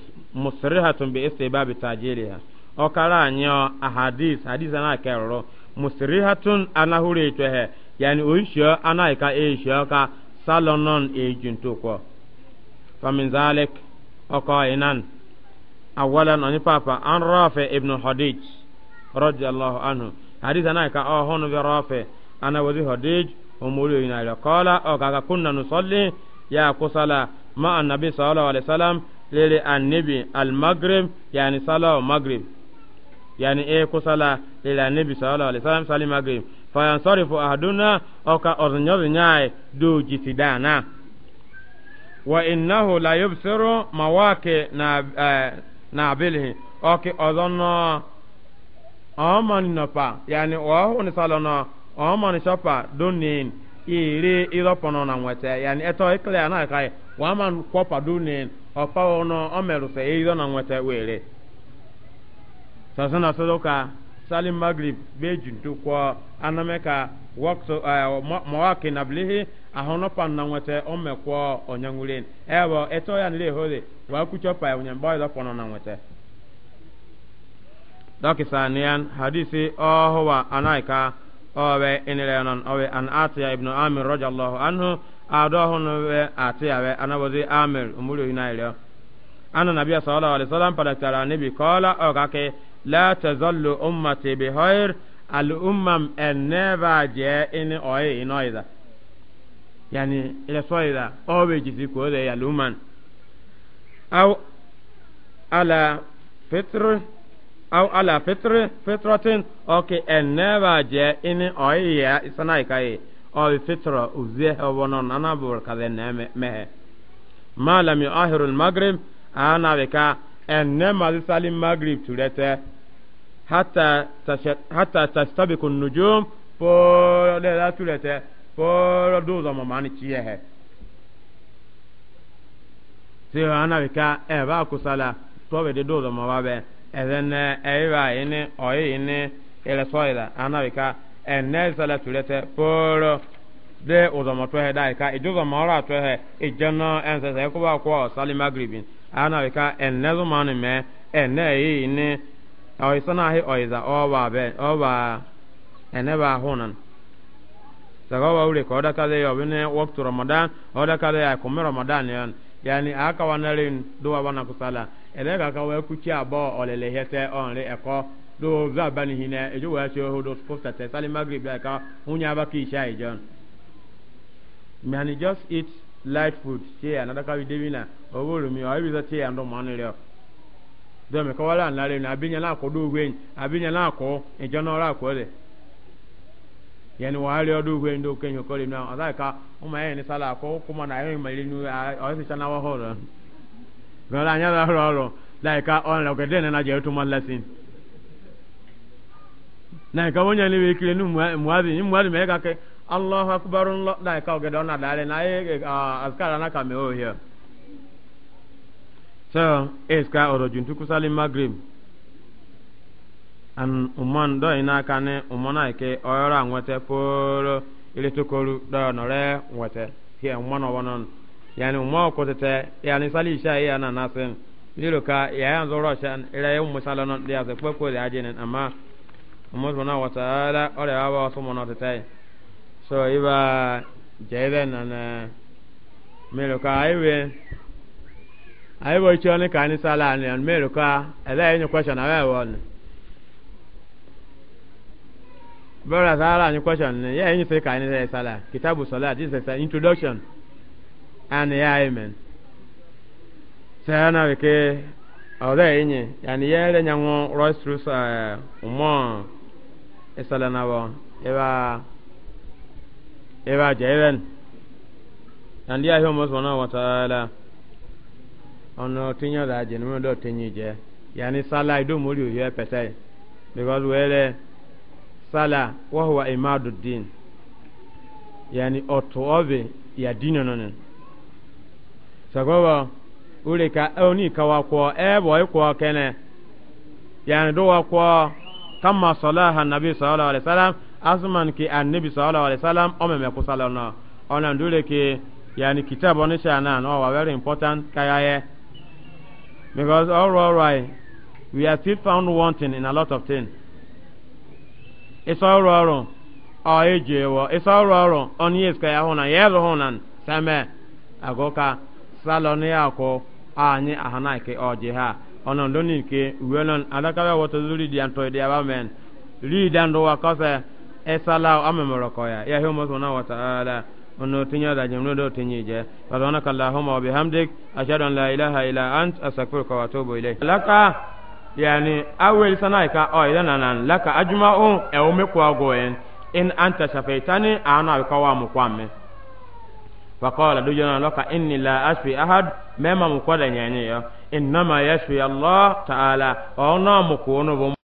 ọkara anyị ahadis hadis anaghị kerụrụ musiri hatun anahụrụ etwehe yani oishio anaghị ka eishio ka salonon eju ntụkwọ faminzalik ọkọ inan awalan onye papa an rafe ibn hadij radiyallahu anhu hadis anaghị ka ọhụrụ bi rafe anawazi hadij omori oyinayọ kọla ọkaka kunna nusolli ya kusala ma annabi sallallahu alaihi wasallam lele annabi al-maghrib yani sallallahu maghrib yani e kusala ila nabi sallallahu alaihi wasallam salima ge fa yansarifu ahaduna aw ka ornyo nyaay do jisidana wa innahu la yubsiru mawaqi na e, na bilhi oke ozonno amani napa yani wa huni salono amani shapa donin ire iropono na nwete yani eto ikle na kai wa man kopa donin opa ono omeru se iro na nwete were sasana sodoka salim magrib be juntu ko aname ka wakso uh, eh, mawaki nablihi ahono pan na nwete ome ko onyangulen eto ya nile hole wa kucho pa onyan da pono na nwete doki sanian hadisi ohowa anaika owe inile owe an atiya amir radiyallahu anhu we atiya we anabozi amir hinailo sallallahu alaihi la tazallu ummati bi khair al ummam en neva je ini oye ino ida yani ile so ida o be jisi ko de ya luman aw ala fitr aw ala fitr fitratin okay en neva je ini oye ya isanai kai o fitra uzie wonon anabur kaden mehe ma lam yuahiru al maghrib ana bika enne mazi salim magrib turete hatta tastabiku nujum poro lela turete poro dozo mamani chiyehe sio ana bika eba kusala tobe de dozo mababe ezene eiba ini oyi ini ile soida ana bika enne sala turete poro de to tohe uh, uh, daika ijuzo mawara tohe ijana ensese kuba kwa salim magribin ana bika enne zumani me enne yi ni oisana hi oiza oba be oba ene ba hunan daga wa ule ko da kale yo bene waktu ramadan o da kale ya kuma ramadan yan yani aka wanale duwa wana kusala ele ga ka wa ku ci abo olele hete onre eko do za bani hine ejo wa ci ho do sposta te sali magrib ka hunya ba ki sha ijon yani just eat light food che another ka de bina oboro mi o ibiza che ando manire do me ko wala nare na abinya na ko do gwen abinya na ko ejo na ora ko de yani wa ali odo gwen do ken yo ko le na ada ka o ma yen sala ko kuma na yen mali nu o se chana wa ho ro go la nya da ro ro like ka on lo ke de na je to man lesson na ka wonya ni we kire nu muadi ni muadi me ka ke allah akbar la ka ogedo na dare na ye azkara ah, na kame o oh, here so eska eh, orojun tu kusali maghrib an umman do ina kane umona ke oyora nwete poro ile tokoru do no re nwete here umman obonon yani umma ko tete yani sali sha ya na nasin lilo ka ya yan zo roshan ire yin musalanon da ya zakwa ko da ajinin amma umma subhanahu wa ta'ala ore wa wa sumo na tete so iba jebe na na ka iwe aiwo choni ka ni sala ni an mero ka ele enyo question awe won bora sala ni question ni ye enyo se ka ni sala kitabu salat this is an introduction and ya amen sana weke ọdọ enyi yani ye le nyanwo royce through eh, uh, esala na won iba ewa jeben andi ahi omo subhanahu wa ta'ala ono tinyo da je nimo do tinyi je ni sala ido mori ohi petai because wele uh, sala wahuwa huwa imadu din ni otu obe ya dino nono sagoba ule ka oni kawa ko ebo eh, iko kene yani ni wa ko kama salaha nabi sallallahu alaihi wasallam asuman ke annabi sallallahu alaihi wasallam o meme ko sallallahu ona ndure ke yani kitab on shana no wa very important kayaye because all all right we are still found wanting in a lot of things it's all all o eje wo it's all all on yes kaya hona yelo hona same agoka salon ya ko anyi ahana ke oje ha ona ndoni ke wenon alaka wa to zuri di antoide abamen read and wa kasa esala amemoro koya ya hiyo mwana wa taala ono tinya da jemno do tinye je subhanaka allahumma wa bihamdik ashhadu an la ilaha illa ant astaghfiruka wa atubu ilayk laka yani awel sanaika o ila nanan laka ajma'u e umekwa goen in anta shafaitani ana ka wa mukwame فقال دجنا لك إني لا أشفي أحد مما مقدر يعني إنما يشفي الله تعالى أو نامك ونبم